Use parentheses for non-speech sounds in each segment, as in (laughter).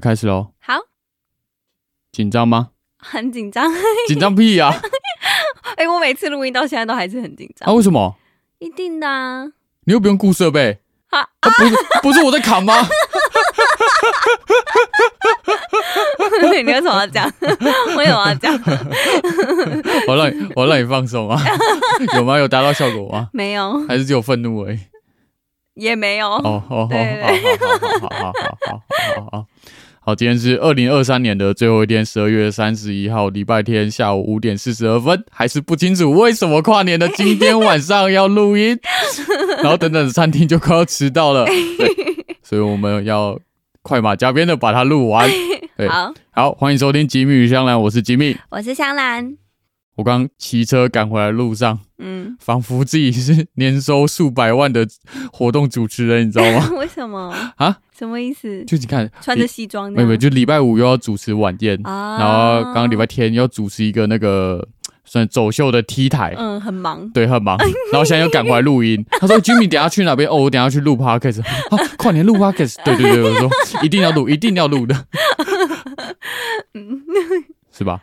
開始嘍！好，緊張嗎？很緊張，緊張屁啊！ (laughs) 哎、欸，我每次錄音到現在都還是很緊張。啊為什麼？一定的、啊。你又不用顧設備。啊啊啊不是不是我在砍嗎？啊、 (laughs) 你為什麼要講？我有什麼要講？我讓你我讓你放鬆嗎、啊？ (laughs) 有嗎？有達到效果嗎？沒有，還是只有憤怒而已。也沒有哦。哦哦哦哦哦哦哦哦哦。好，今天是二零二三年的最後一天，十二月三十一號，禮拜天下午五點四十二分，還是不清楚為什麼跨年的今天晚上要錄音， (laughs) 然後等等的餐廳就快要遲到了，對，所以我們要快馬加鞭的把它錄完。對 (laughs) 好好，歡迎收聽《吉米與香蘭》，我是吉米，我是香蘭。我剛騎車趕回來路上，嗯，仿佛自己是年收數百萬的活動主持人，你知道嗎？為什麼啊？什麼意思？就你看穿着西裝，有沒有？就禮拜五又要主持晚宴，啊，然後剛剛禮拜天又要主持一個那個算是走秀的 T 台，嗯，很忙，對，很忙。 (laughs) 然後現在又趕回來錄音。 (laughs) 他說：“Jimmy，等下去哪邊？ (laughs) 哦，我等下去錄 Podcast， (laughs) 啊，跨年錄 Podcast。 (laughs) ”對對對，我說 (laughs) 一定要錄，一定要錄的， (laughs) 是吧？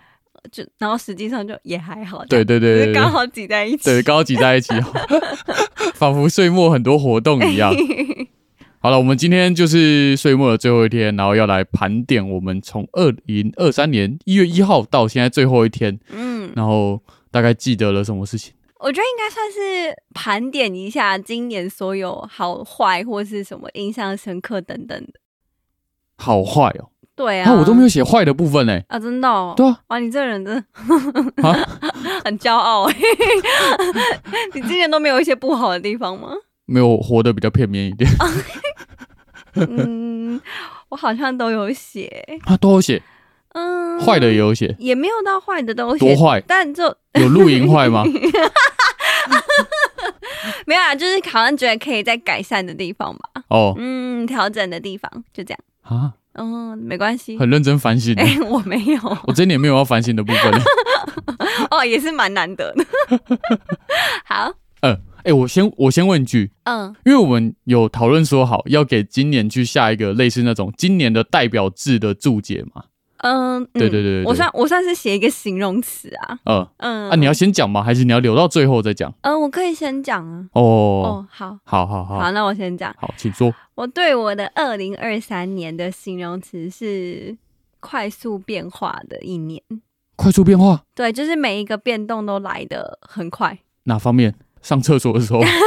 就然後實際上就也還好，對對對對，對，剛好擠在一起，對，剛好擠在一起，仿 (laughs) 佛 (laughs) 歲末很多活動一樣。 (laughs) 好了，我們今天就是歲末的最後一天，然後要來盤點我們從二零二三年一月一號到現在最後一天，嗯，然後大概記得了什麼事情？我覺得應該算是盤點一下今年所有好壞或是什麼印象深刻等等的，好壞哦。對啊，啊，我都沒有寫壞的部分哎、欸、啊，真的、哦、對啊，哇，你這個人真的、啊、 (laughs) 很驕傲、欸， (laughs) 你今年都沒有一些不好的地方嗎？沒有，活的比較片面一點。 (laughs) (laughs) 嗯，我好像都有寫啊，都有寫，嗯，壞的也有寫，也沒有到壞的東西，多壞？但就 (laughs) 有露營壞嗎？ (laughs) 嗯、 (laughs) 沒有啊，就是好像覺得可以再改善的地方吧。哦、oh.，嗯，調整的地方就這樣啊。嗯，沒關係，很認真反省。哎、欸，我沒有，我今年沒有要反省的部分。 (laughs) 哦，也是蠻難得的。 (laughs) 好，嗯，哎、欸，我先我先問一句，嗯，因為我們有討論說好要給今年去下一個類似那種今年的代表字的註解嘛。嗯，對對對，對我，我算我算是寫一個形容詞啊、呃、啊。嗯嗯啊，你要先講嗎？還是你要留到最後再講？嗯、呃，我可以先講啊，哦哦哦。哦，好，好，好，好，好，那我先講。好，請說。我對我的二零二三年的形容詞是快速變化的一年。快速變化？對，就是每一個變動都來得很快。哪方面？上廁所的時候 (laughs) 是、啊，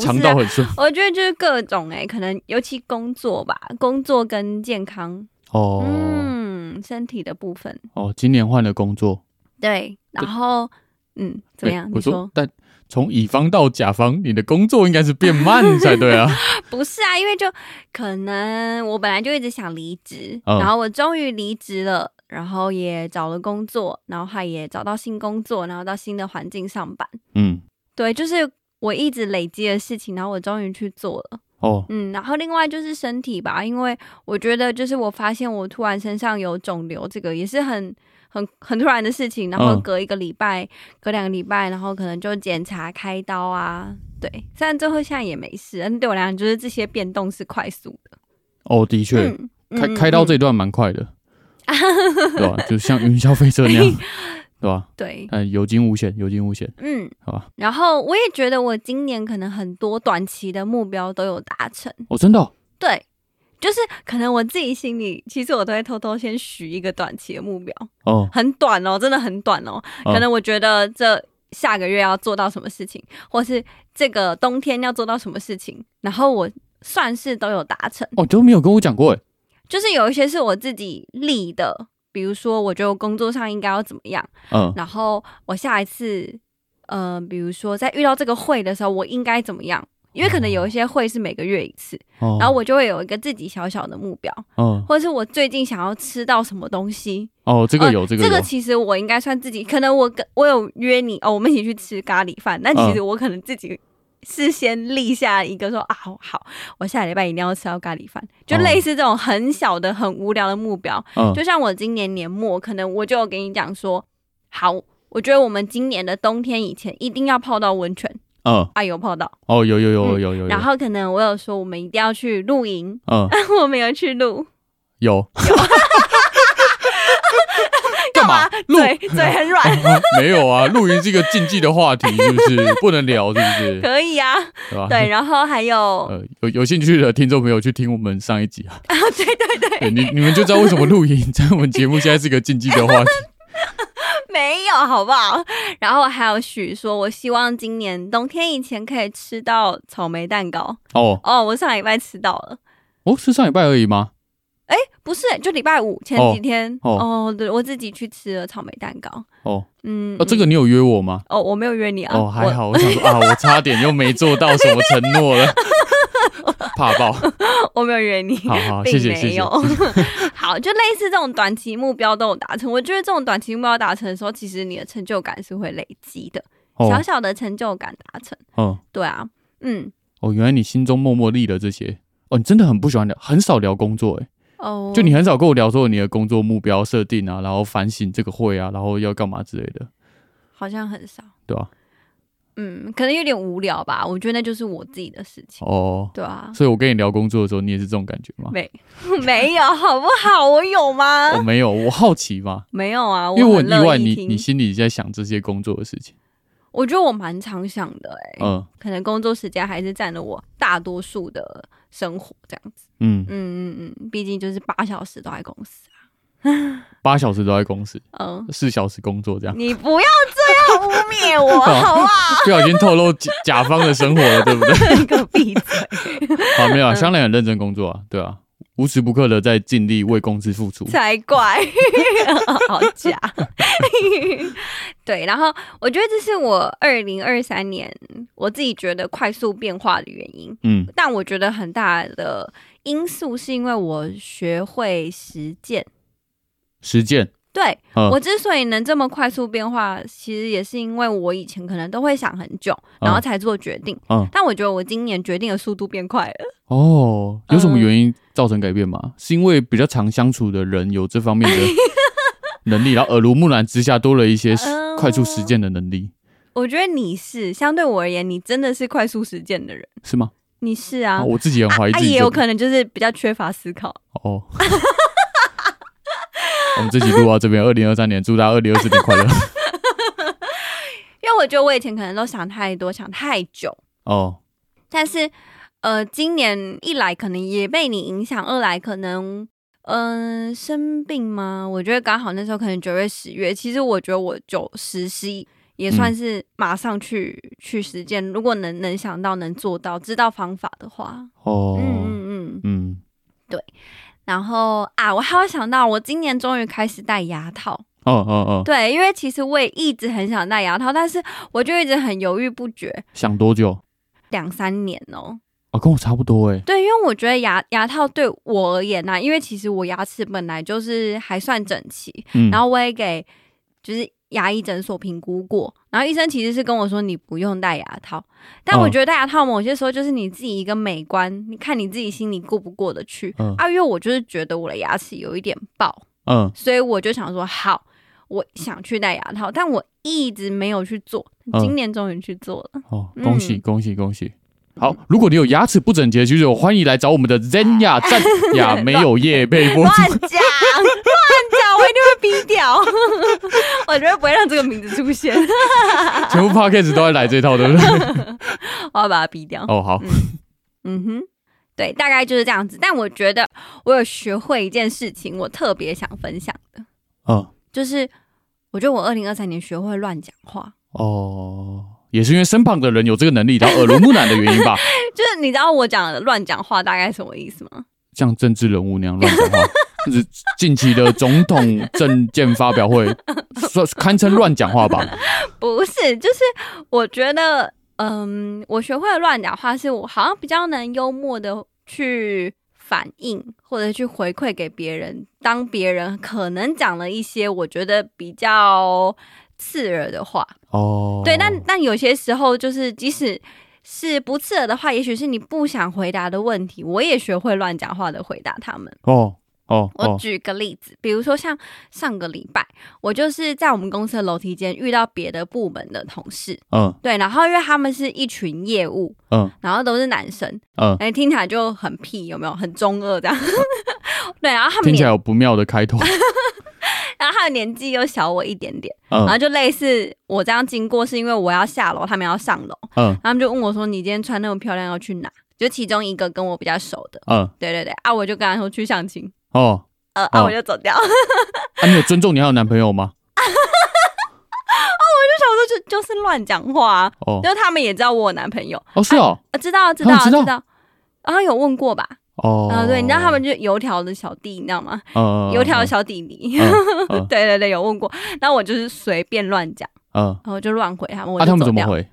腸 (laughs) 道到很順？ (laughs) 我覺得就是各種哎、欸，可能尤其工作吧，工作跟健康。哦，嗯，身體的部分。哦，今年換了工作。對，然後，嗯，怎麼樣？欸、你說，我說，但從乙方到甲方，你的工作應該是變慢才對啊。 (laughs) 不是啊，因為就可能我本來就一直想離職、哦，然後我終於離職了，然後也找了工作，然後他也找到新工作，然後到新的環境上班。嗯，對，就是我一直累積的事情，然後我終於去做了。哦，嗯，然後另外就是身體吧，因為我覺得就是我發現我突然身上有腫瘤，這個也是很很很突然的事情，然後隔一個禮拜、嗯、隔兩個禮拜，然後可能就檢查、開刀啊，對，雖然最後現在也沒事，但對我來講就是這些變動是快速的。哦，的確，開、嗯嗯嗯、開刀這段蠻快的， (laughs) 對、啊、就像雲霄飛車那樣。 (laughs) 對吧、啊？對，嗯，有驚無險，有驚無險。嗯，好吧。然後我也覺得我今年可能很多短期的目標都有達成哦，真的、哦。對，就是可能我自己心裡，其實我都會偷偷先許一個短期的目標哦，很短哦，真的很短哦。可能我覺得這下個月要做到什麼事情，哦、或是這個冬天要做到什麼事情，然後我算是都有達成哦。都沒有跟我講過誒，就是有一些是我自己立的。比如說，我覺得工作上應該要怎麼樣？嗯，然後我下一次，嗯、呃，比如說在遇到這個會的時候，我應該怎麼樣？因為可能有一些會是每個月一次、哦，然後我就會有一個自己小小的目標，嗯，或者是我最近想要吃到什麼東西。哦，這個有這個、呃，這個其實我應該算自己，可能我跟我有約你哦，我們一起去吃咖喱飯，但其實我可能自己、嗯。事先立下一個說啊好，好，我下禮拜一定要吃到咖喱飯，就類似這種很小的、很無聊的目標。嗯，就像我今年年末，可能我就跟你講說，好，我覺得我們今年的冬天以前一定要泡到溫泉。嗯，啊、有泡到哦，有有有有、嗯、有，有。然後可能我有說我們一定要去露營。嗯、啊，我沒有去露。有。有 (laughs) 啊，對對很軟、啊啊啊，沒有啊，露營是一個禁忌的話題，是不是不能聊？是不是？可以啊，對吧？對，然後還有呃有有興趣的聽眾朋友去聽我們上一集啊，對對對，對你你們就知道為什麼露營在我們節目現在是一個禁忌的話題， (laughs) 沒有好不好？然後還有許說，我希望今年冬天以前可以吃到草莓蛋糕哦哦，oh. Oh, 我上禮拜吃到了，哦、oh，是上禮拜而已嗎？哎、欸，不是，欸，就禮拜五前幾天，哦，哦，哦對，我自己去吃了草莓蛋糕，哦，嗯，哦，這個你有約我嗎？哦，我沒有約你啊，哦，還好，我， (laughs) 我想說啊，我差點又沒做到什麼承諾了， (laughs) 怕爆，我沒有約你，好好，謝謝謝謝，謝謝 (laughs) 好，就類似這種短期目標都有達成，我覺得這種短期目標達成的時候，其實你的成就感是會累積的，小小的成就感達成，哦，對啊，嗯，哦，原來你心中默默立了這些，哦，你真的很不喜歡聊，很少聊工作、欸，誒。Oh, 就你很少跟我聊說你的工作目標設定啊，然後反省這個會啊，然後要幹嘛之類的，好像很少，對啊，嗯，可能有點無聊吧。我覺得那就是我自己的事情。哦、oh，對啊，所以我跟你聊工作的時候，你也是這種感覺嗎？沒，沒有，好不好？ (laughs) 我有嗎？我沒有，我好奇嘛？ (laughs) 沒有啊，因為我很意外，很意你你心裡在想這些工作的事情。我覺得我蠻常想的、欸，哎，嗯，可能工作時間還是占了我大多數的生活，這樣子。嗯嗯嗯嗯，畢竟就是八小時都在公司，啊、 (laughs) 八小時都在公司，嗯，四小時工作這樣。你不要這樣汙衊我，好不好？ (laughs) 啊、不小心透露甲方的生活了。 (laughs) 對不對？你給我閉嘴！ (laughs) 好，沒有，啊，香蘭很認真工作，啊，對啊，無時不刻的在盡力為公司付出才怪， (laughs) 好假。 (laughs) 對，然後我覺得這是我二零二三年我自己覺得快速變化的原因。嗯，但我覺得很大的。因素是因為我學會實踐，實踐。對、嗯、我之所以能這麼快速變化，其實也是因為我以前可能都會想很久，然後才做決定。嗯嗯、但我覺得我今年決定的速度變快了。哦，有什麼原因造成改變嗎？嗯、是因為比較常相處的人有這方面的能力， (laughs) 然後耳濡目染之下，多了一些快速實踐的能力。嗯、我覺得你是相對我而言，你真的是快速實踐的人，是嗎？你是啊，啊，我自己很懷疑，啊啊、也有可能就是比較缺乏思考哦。 (laughs) (laughs) (laughs) 我們自己錄到、啊、這邊，二零二三年，祝大家二零二四年快樂。 (laughs) 因為我覺得我以前可能都想太多，想太久哦。但是，呃，今年一來可能也被你影響，二來可能嗯、呃、生病嘛。我覺得剛好那時候可能九月十月，其實我覺得我就失也算是馬上去、嗯、去實踐，如果能能想到能做到，知道方法的話，哦，嗯嗯嗯嗯，對。然後啊，我還要想到，我今年終於開始戴牙套，哦哦哦，對，因為其實我也一直很想戴牙套，但是我就一直很猶豫不決。想多久？兩三年哦、喔，啊，跟我差不多哎、欸。對，因為我覺得牙牙套對我而言呢、啊，因為其實我牙齒本來就是還算整齊、嗯，然後我也給就是。牙醫診所評估過，然後醫生其實是跟我說，你不用戴牙套。但我覺得戴牙套，某些時候就是你自己一個美觀，你看你自己心裡過不過得去。嗯、啊，因為我就是覺得我的牙齒有一點暴，嗯，所以我就想說，好，我想去戴牙套，但我一直沒有去做。今年終於去做了、嗯，哦，恭喜恭喜恭喜！恭喜好，如果你有牙齒不整潔的，就是我歡迎來找我們的 Zenya 讚呀，沒有業配，播，亂講，亂講，我一定會逼掉， (laughs) 我絕對不會讓這個名字出現， (laughs) 全部 podcast 都會來這套，對不對？我要把它逼掉。哦、oh,，好、嗯，嗯哼，對，大概就是這樣子。但我覺得我有學會一件事情，我特別想分享的，嗯、oh.，就是我覺得我二零二三年學會亂講話哦。Oh. 也是因為身旁的人有這個能力，然後耳濡目染的原因吧。 (laughs) 就是你知道我講的亂講話大概什麼意思嗎？像政治人物那樣亂講話，就 (laughs) 是近期的總統政見發表會，說 (laughs) 堪稱亂講話吧？ (laughs) 不是，就是我覺得，嗯、呃，我學會亂講話是，是我好像比較能幽默的去反應或者去回饋給別人，當別人可能講了一些我覺得比較。刺耳的話哦，oh. 對，那那有些時候就是，即使是不刺耳的話，也許是你不想回答的問題，我也學會亂講話的回答他們哦哦。Oh. Oh. Oh. 我舉個例子，比如說像上個禮拜，我就是在我們公司的樓梯間遇到別的部門的同事，嗯、uh.，對，然後因為他們是一群業務，嗯、uh.，然後都是男生，嗯，哎，聽起來就很屁，有沒有？很中二這樣。Uh. (laughs) 對，然後他們聽起來有不妙的開頭。 (laughs) 然後他的年紀又小我一點點、嗯，然後就類似我這樣經過，是因為我要下樓，他們要上樓，嗯，然後他們就問我說：“你今天穿那麼漂亮要去哪？”就其中一個跟我比較熟的，嗯，對對對，啊，我就跟他說去相親，哦，呃，哦啊、我就走掉。那、啊、 (laughs) 你有尊重你還有男朋友嗎？ (laughs) 啊，我就想說就就是亂講話、啊、哦，就他們也知道我有男朋友，哦，是哦，啊、知道知道知道，知道，啊，有問過吧？哦、oh, 呃，對，你知道他們就油條的小弟，你知道嗎？哦、uh,，油條的小弟弟，uh, uh, (laughs) 對對對，有問過。那我就是隨便亂講，uh, 然後我就亂回他們。那、啊、他們怎麼回？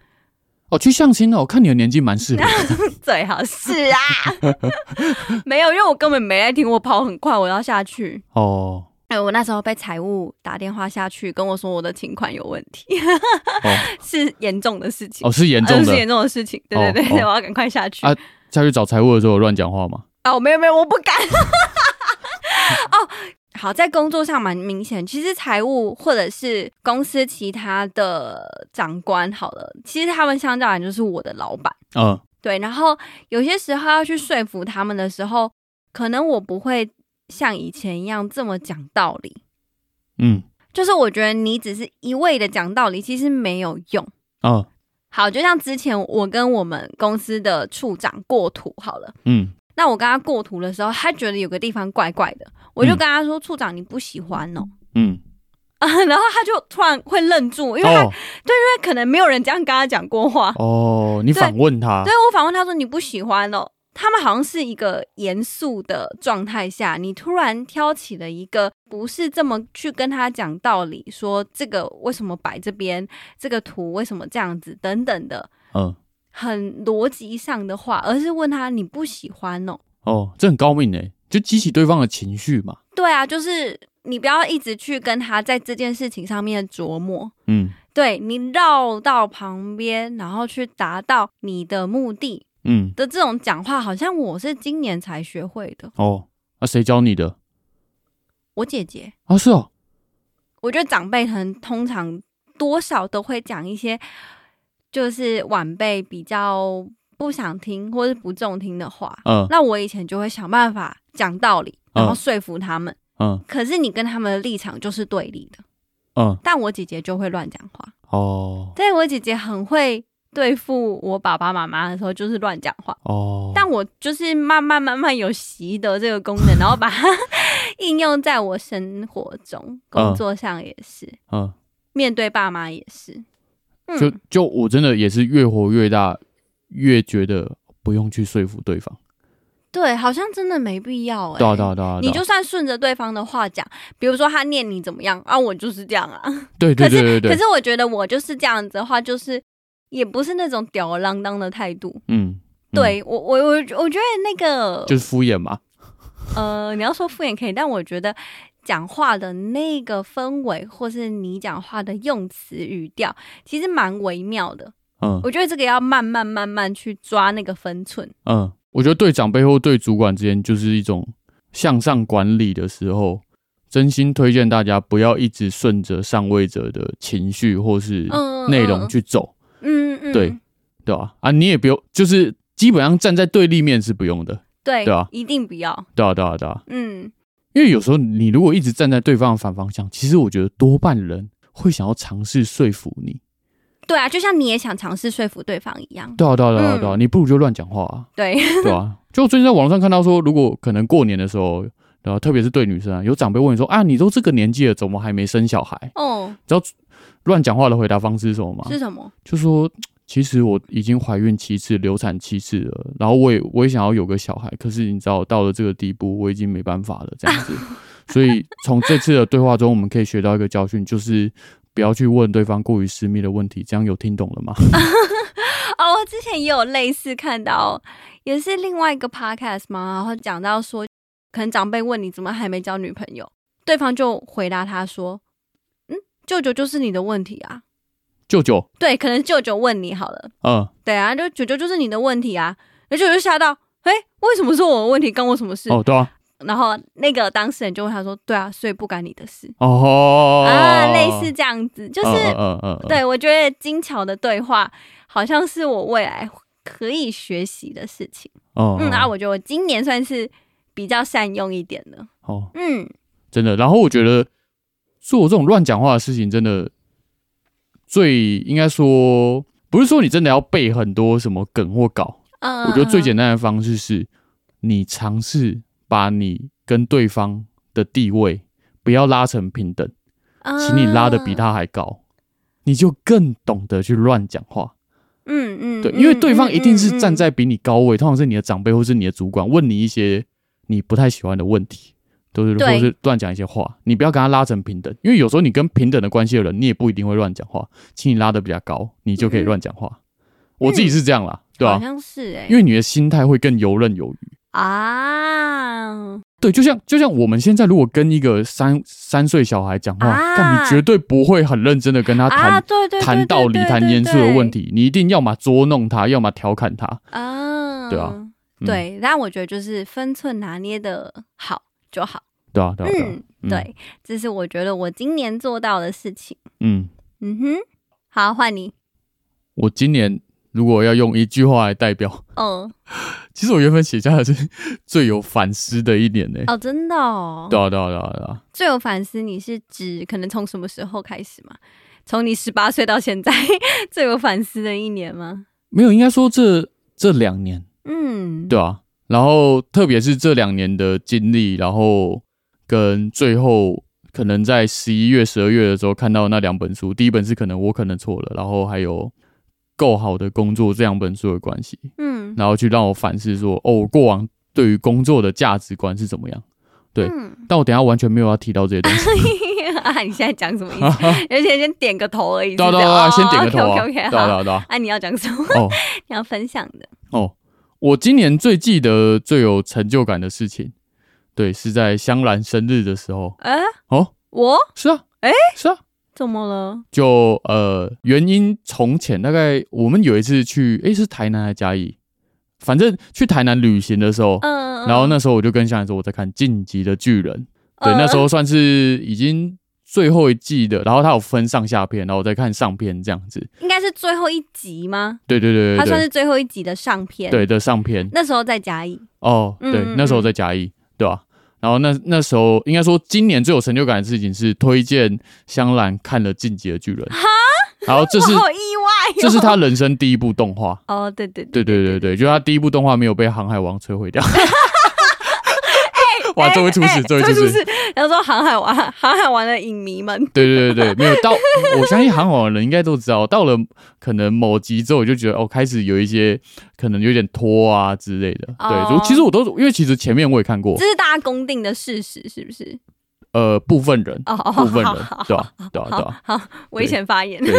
哦，去相親哦，我看你的年紀蠻適合， (laughs) 最好是啊。 (laughs) (laughs) 沒有，因為我根本沒在聽，我跑很快，我要下去。哦，哎，我那時候被財務打電話下去跟我說我的請款有問題， (laughs) 是嚴重的事情。哦、oh,，是嚴重的，啊、是嚴重的事情。對對對，對，oh, oh. 我要趕快下去。啊，下去找財務的時候亂講話嗎？哦，沒有沒有，我不敢。 (laughs) 哦，好，在工作上蠻明顯。其實財務或者是公司其他的長官，好了，其實他們相較來就是我的老闆。嗯、哦，對。然後有些時候要去說服他們的時候，可能我不會像以前一樣這麼講道理。嗯，就是我覺得你只是一味的講道理，其實沒有用。哦，好，就像之前我跟我們公司的處長過圖，好了，嗯。那我跟他過圖的時候，他覺得有個地方怪怪的，我就跟他說：“嗯、處長，你不喜歡哦、喔。”嗯， (laughs) 然後他就突然會愣住，因為他、哦、對，因為可能沒有人這樣跟他講過話。哦，你反問他，對，對我反問他說：“你不喜歡哦、喔？”他們好像是一個嚴肅的狀態下，你突然挑起了一個不是這麼去跟他講道理，說這個為什麼擺這邊，這個圖為什麼這樣子，等等的。嗯。很邏輯上的話，而是問他你不喜歡哦、喔、哦，這很高明呢，就激起對方的情緒嘛。對啊，就是你不要一直去跟他在這件事情上面琢磨，嗯，對，你繞到旁邊，然後去達到你的目的，嗯的這種講話，好像我是今年才學會的哦。那、啊、誰教你的？我姐姐啊，是哦。我覺得長輩可能通常多少都會講一些。就是晚輩比較不想聽，或是不中聽的話，嗯，那我以前就會想辦法講道理，然後說服他們，嗯。可是你跟他們的立場就是對立的，嗯。但我姐姐就會亂講話哦。對，我姐姐很會對付我爸爸媽媽的時候就是亂講話哦。但我就是慢慢慢慢有習得這個功能，嗯、然後把它 (laughs) 應用在我生活中、工作上也是，嗯，面對爸媽也是。就就我真的也是越活越大，越覺得不用去說服對方。對，好像真的沒必要哎、欸。 (music) 你就算順着對方的話講，比如說他念你怎麼樣啊，我就是這樣啊。對對對對對，對 (laughs) 可。可是我覺得我就是這樣子的話，就是也不是那種吊兒郎當的態度。嗯，對嗯，我我我我覺得那個就是敷衍嘛。 (laughs) 呃，你要說敷衍可以，但我覺得。講話的那個氛圍，或是你講話的用詞語調，其實蠻微妙的。嗯，我覺得這個要慢慢慢慢去抓那個分寸。嗯，我覺得對長輩或對主管之間，就是一種向上管理的時候，真心推薦大家不要一直順着上位者的情緒或是內容去走。嗯嗯，嗯，對對啊。啊，你也不用，就是基本上站在對立面是不用的。對對啊，一定不要。對啊對啊，對啊，對，啊對啊。嗯。因為有時候你如果一直站在對方的反方向，其實我覺得多半人會想要嘗試說服你。對啊，就像你也想嘗試說服對方一樣。對啊，對啊，對啊，對、嗯、啊，你不如就亂講話、啊。對，對啊。就最近在網上看到說，如果可能過年的時候，然後、啊、特別是對女生啊，有長輩問你說啊，你都這個年紀了，怎麼還沒生小孩？哦、嗯，你知道亂講話的回答方式是什麼嗎？是什麼？就說。其實我已經懷孕七次，流產七次了，然後我也我也想要有個小孩，可是你知道到了這個地步，我已經沒辦法了這樣子。 (laughs) 所以從這次的對話中，我們可以學到一個教訓，就是不要去問對方過於私密的問題。這樣有聽懂了嗎？啊、 (laughs) (laughs) 哦，我之前也有類似看到，也是另外一個 podcast 嘛，然後嘛，然後講到說，可能長輩問你怎麼還沒交女朋友，對方就回答他說：“嗯，舅舅就是你的問題啊。”舅舅對，可能舅舅問你好了。嗯，對啊，就舅舅就是你的問題啊，那舅舅就嚇到，哎、欸，為什麼是我的問題？關我什麼事？哦，對啊。然後那個當事人就問他說：“對啊，所以不關你的事。”哦哦哦哦啊，類似這樣子，哦、就是、哦哦哦，對，我覺得精巧的對話好像是我未來可以學習的事情。哦、嗯，那、哦啊、我覺得我今年算是比較善用一點的。哦，嗯，真的。然後我覺得做我這種亂講話的事情，真的。最應該說，不是說你真的要背很多什麼梗或稿。Uh -huh. 我覺得最簡單的方式是，你嘗試把你跟對方的地位不要拉成平等，請你拉得比他還高，uh -huh. 你就更懂得去亂講話。嗯嗯，對，因為對方一定是站在比你高位，uh -huh. 通常是你的長輩或是你的主管問你一些你不太喜歡的問題。都是，或者是亂講一些話，你不要跟他拉成平等，因為有時候你跟平等的關係的人，你也不一定會亂講話。請你拉得比較高，你就可以亂講話，嗯。我自己是這樣啦，對吧？好像是哎，因為你的心態會更游刃有餘，欸、啊。對，就像就像我們現在如果跟一個三、啊、三歲小孩講話，啊，你絕對不會很認真的跟他談談、啊、對對對對對對對道理、談嚴肅的問題，你一定要嘛捉弄他，要麼調侃他對啊，啊，對吧、啊嗯？對，但我覺得就是分寸拿捏的好。就好。對啊。對啊，對啊。嗯，對，嗯，這是我覺得我今年做到的事情。嗯嗯哼，好，換你。我今年如果要用一句話來代表，嗯、哦，其實我原本寫下的是最有反思的一年呢、欸。哦，真的哦。對啊，對啊，對啊，對啊。最有反思，你是指可能從什麼時候開始嘛？從你十八歲到現在最有反思的一年嗎？沒有，應該說這這兩年。嗯，對啊。然後，特別是這兩年的經歷，然後跟最後可能在十一月、十二月的時候看到那兩本書，第一本是可能我可能錯了，然後還有夠好的工作這兩本書的關係，嗯，然後去讓我反思說，哦，我過往對於工作的價值觀是怎麼樣？對，嗯、但我等一下完全沒有要提到這些東西啊！你現在講什麼意思？而、啊、且先點個頭而已是，是，對對對，先點個頭、啊，哦，、okay, okay, okay, 好好好，哎，你要講什麼？哦、你要分享的哦。我今年最記得最有成就感的事情，對，是在香蘭生日的時候。哎、欸，哦，我是啊，哎、欸，是啊，怎麼了？就呃，原因從前大概我們有一次去，哎、欸，是台南還是嘉義？反正去台南旅行的時候，嗯，嗯，然後那時候我就跟香蘭說，我在看《進擊的巨人》嗯，對，那時候算是已經。最後一季的，然後他有分上下篇，然後我再看上篇這樣子，應該是最後一集嗎？對對對，對，他算是最後一集的上篇。對的上篇，那時候在甲乙。哦，對嗯嗯嗯，那時候在甲乙，對吧、啊？然後那那時候應該說今年最有成就感的事情是推薦香蘭看了《進擊的巨人》。哈，然後這是意外、哦，這是他人生第一部動畫。哦，對對對對，對對對對，就是他第一部動畫沒有被《航海王》摧毀掉。 (laughs) 哇！這位廚師，這位廚師，然後說航海王，航海王的影迷們， (laughs) 對對對對，沒有到，我相信航海的人應該都知道，到了可能某集之後，我就覺得哦，開始有一些可能有點拖啊之類的。哦、對，其實我都因為其實前面我也看過，這是大家公定的事實，是不是？呃，部分人，哦哦、部分人，對啊，對啊好對、啊、好，對、啊好對，我以前發言對，對，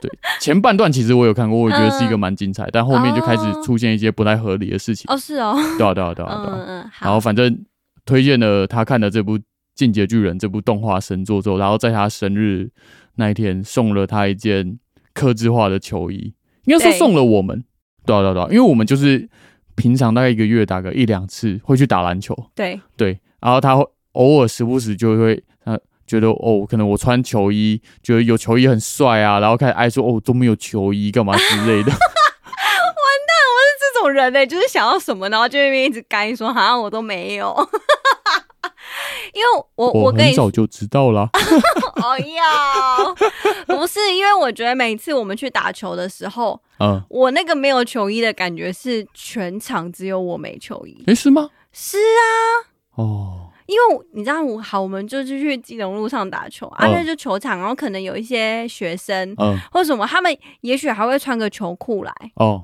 對 (laughs) 前半段其實我有看過，我覺得是一個蠻精彩、嗯，但後面就開始出現一些不太合理的事情。哦，啊哦啊、是哦對、啊對啊對啊嗯，對啊，對啊，對啊，對啊，然後反正。推薦了他看的這部《進擊巨人》這部動畫神作之後，然後在他生日那一天送了他一件客製化的球衣，應該是送了我們。對對啊對,啊對啊，因為我們就是平常大概一個月打個一兩次會去打籃球。對對，然後他會偶爾時不時就會，他覺得哦，可能我穿球衣，覺得有球衣很帥啊，然後開始愛說哦，都沒有球衣幹嘛之類的。 (laughs) 人呢、欸？就是想要什麼，然後就那邊一直幹說，好、啊、像我都沒有。 (laughs) 因為我我跟你早就知道了。哎呀，不是，因為我覺得每次我們去打球的時候，嗯，我那個沒有球衣的感覺是全場只有我沒球衣。哎、欸，是嗎？是啊。哦、oh.。因為你知道，我好，我們就去金融路上打球，啊，那、oh. 就球場，然後可能有一些學生，嗯、oh.，或什麼，他們也許還會穿個球褲來。哦、oh.。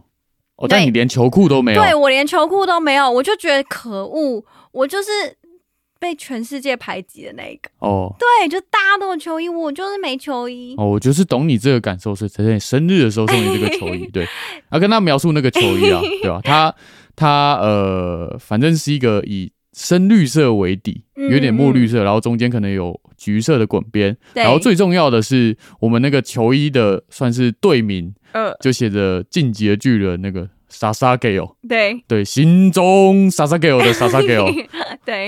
哦，但你連球褲都沒有。對，我連球褲都沒有，我就覺得可惡，我就是被全世界排擠的那一個。哦，對，就大家都有球衣，我就是沒球衣。哦，我就是懂你這個感受，所以才在你生日的時候送你這個球衣。 (laughs) 對，啊跟他描述那個球衣啊， (laughs) 對吧、啊？他他呃，反正是一個以。深綠色為底，有點墨綠色，嗯嗯，然後中間可能有橘色的滾邊，然後最重要的是，我們那個球衣的算是隊名，呃，就寫着“進擊的巨人”那個 “Sasago”，對對，心中 “Sasago” 的 “Sasago”，對，對 Sasageo Sasageo, (laughs) 對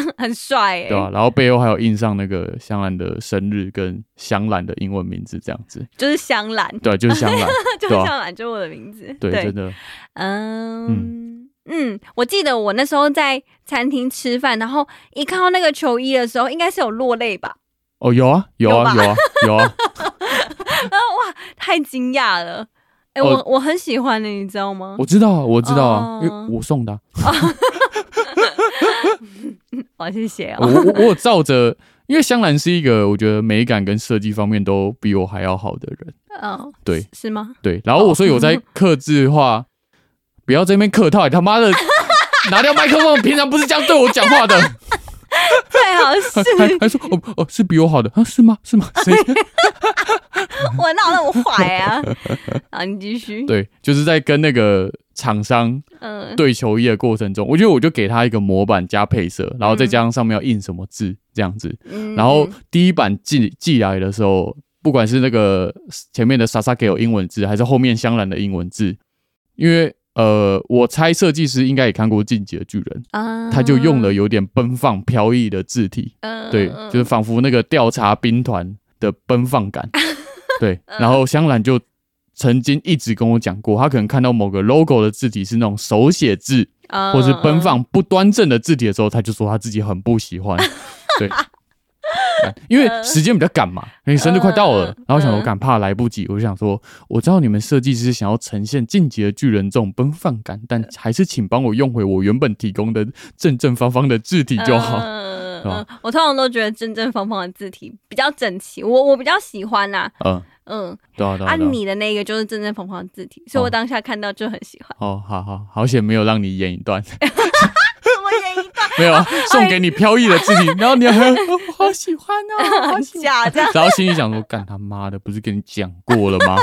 對很帥，對吧、啊啊啊啊嗯欸啊？然後背後還有印上那個香蘭的生日跟香蘭的英文名字，這樣子，就是香蘭，對、啊，就是香蘭， (laughs) 就是香蘭，就是我的名字，對，對真的，um... 嗯。嗯，我記得我那時候在餐廳吃飯，然後一看到那個球衣的時候，應該是有落淚吧？哦，有啊，有啊，有啊，有啊！然後哇，太驚訝了！哎、欸哦，我我很喜歡的，你知道嗎？我知道啊，我知道啊，呃、因為我送的、啊 (laughs) 哦。我謝謝啊！我我照着，因為香蘭是一個我覺得美感跟設計方面都比我還要好的人。哦，對，是，是嗎？對，然後所以我在客製化。哦 (laughs) 不要這邊客套，你他媽的拿掉麥克風！ (laughs) 平常不是這樣對我講話的。最好是還還說哦哦，是比我好的啊？是嗎？是嗎？誰？ (laughs) (laughs) 我鬧那麼壞啊！ (laughs) 好，你繼續。對，就是在跟那個廠商對球衣的過程中、嗯，我覺得我就給他一個模板加配色，然後再加上上面要印什麼字這樣子。嗯、然後第一版寄寄來的時候，不管是那個前面的 Sasake 有英文字，還是後面香蘭的英文字，因為。呃，我猜設計師應該也看過《進擊的巨人》，uh-huh. 他就用了有點奔放飄逸的字體，uh-huh. 對，就是仿佛那個調查兵團的奔放感，uh-huh. 對。然後香蘭就曾經一直跟我講過，他可能看到某個 logo 的字體是那種手寫字，uh-huh. 或是奔放不端正的字體的時候，他就說他自己很不喜歡，uh-huh. 對。Uh-huh. 因為時間比較趕嘛，女、呃欸、生日快到了，呃、然後我想說我趕怕來不及，呃、我就想說，我知道你們設計師想要呈現《進擊的巨人》這種奔放感，但還是請幫我用回我原本提供的正正方方的字體就好。呃呃、我通常都覺得正正方方的字體比較整齊，我我比較喜歡吶、啊。嗯、呃、嗯、呃，對啊對啊。啊，啊，你的那個就是正正方方的字體，所以我當下看到就很喜歡。呃、哦，好好好，好險沒有讓你演一段。 (laughs) 沒有啊，送給你飄逸的自己、啊，然後你還、啊啊、我好喜歡哦、啊，啊、我好，、啊啊我好啊啊、假的。然後心裡想說， (laughs) 幹他媽的，不是跟你講過了嗎？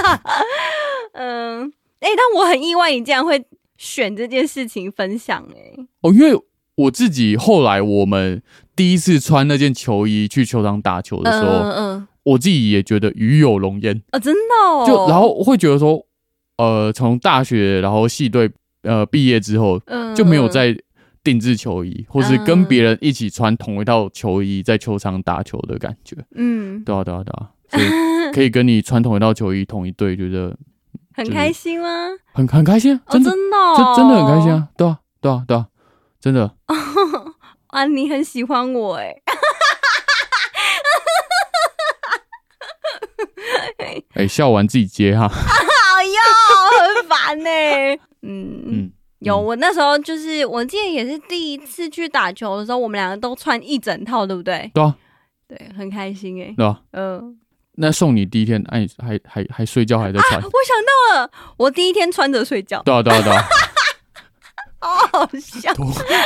嗯，哎、欸，但我很意外，你竟然會選這件事情分享哎、欸。哦，因為我自己後來我們第一次穿那件球衣去球場打球的時候，嗯，嗯我自己也覺得與有榮焉啊，真的。哦，就然後我會覺得說，呃，從大學然後系隊呃畢業之後，嗯，就沒有再。定製球衣，或是跟別人一起穿同一套球衣在球場打球的感覺，嗯，對啊對啊對啊，所以可以跟你穿同一套球衣同一隊、就是，覺得很開心嗎？就是、很很開心、啊哦，真的、真的、哦真，真的很開心啊！對啊對啊對啊、對啊，真的啊！你很喜歡我哎、欸！哎、 (laughs) 欸，笑完自己接哈、啊！哎呦，很煩呢。嗯嗯。有我那時候就是，我記得也是第一次去打球的時候，我們兩個都穿一整套，對不對？對、啊、對很開心哎、欸。嗯、啊呃，那送你第一天，哎、啊，還還還睡覺還在穿、啊。我想到了，我第一天穿着睡覺。對、啊、對、啊、對、啊 (laughs) 多哦、好好笑，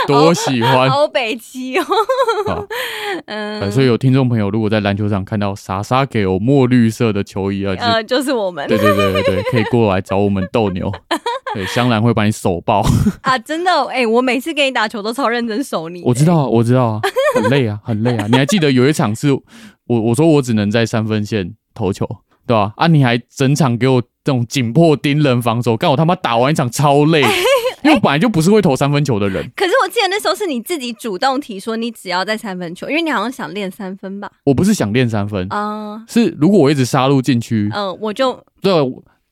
多喜歡，好北七哦、 (laughs) 啊。嗯，所以有聽眾朋友如果在籃球場看到傻傻給我墨綠色的球衣啊，就是、呃就是、我們。對對對對對，可以過來找我們鬥牛。 (laughs) 對，香蘭會把你手抱 (laughs) 啊！真的，哎、欸，我每次給你打球都超認真守你、欸。我知道啊，我知道啊，很累啊，很累啊！你還記得有一場是， (laughs) 我我說我只能在三分線投球，對吧、啊？啊，你還整場給我這種緊迫盯人防守，幹我他媽打完一場超累，欸欸、因為我本來就不是會投三分球的人。可是我記得那時候是你自己主動提說你只要在三分球，因為你好像想練三分吧？我不是想練三分啊、嗯，是如果我一直殺入禁區，嗯，我就對、啊。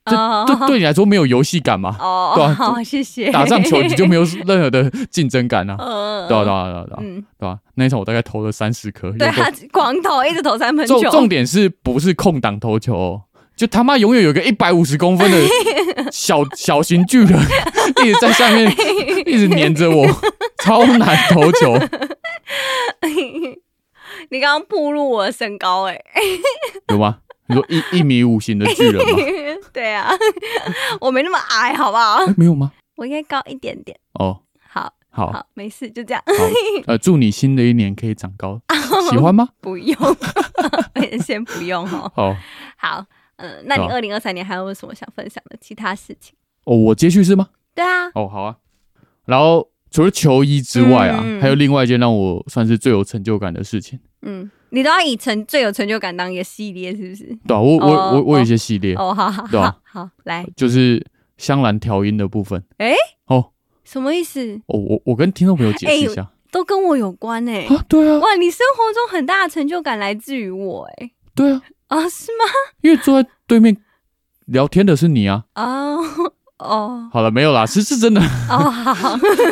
對對，uh, 就對你來說沒有遊戲感嘛？Uh, 對吧、啊？謝謝。打上球你就沒有任何的競爭感啊，uh, 對吧、啊？Uh, 對、啊 um, 對對、啊、那一場我大概投了三十顆。對、uh, 啊，他狂投，一直投三分球重。重點是不是空檔投球、喔？就他媽永遠有個一百五十公分的小 (laughs) 小、小型巨人一直在下面，一直黏着我， (laughs) 超難投球。 (laughs) 你剛剛暴露我的身高哎、欸？ (laughs) 有嗎？你說一一米五型的巨人嗎？ (laughs) 對啊，我沒那麼矮，好不好？沒有嗎？我應該高一點點。哦，好，好，好，沒事，就這樣。呃，祝你新的一年可以長高，哦、喜歡嗎？不用， (laughs) 先不用哦。好，嗯、呃，那你二零二三年還有沒有什麼想分享的其他事情？哦，我接續是嗎？對啊。哦，好啊。然後除了球衣之外啊、嗯，還有另外一件讓我算是最有成就感的事情。嗯。你都要以成最有成就感當一個系列，是不是？對、啊、我我我、oh, oh, 我有一些系列。哦、oh, oh, oh, oh, 啊，好好好，好來，就是香蘭調音的部分。哎、欸，哦、oh,，什麼意思？哦、oh,，我我跟聽眾朋友解釋一下、欸，都跟我有關哎、欸、啊，對啊，哇，你生活中很大的成就感來自於我哎、欸。對啊，啊、oh, 是嗎？因為坐在對面聊天的是你啊。哦哦，好了，沒有啦，是是真的哦，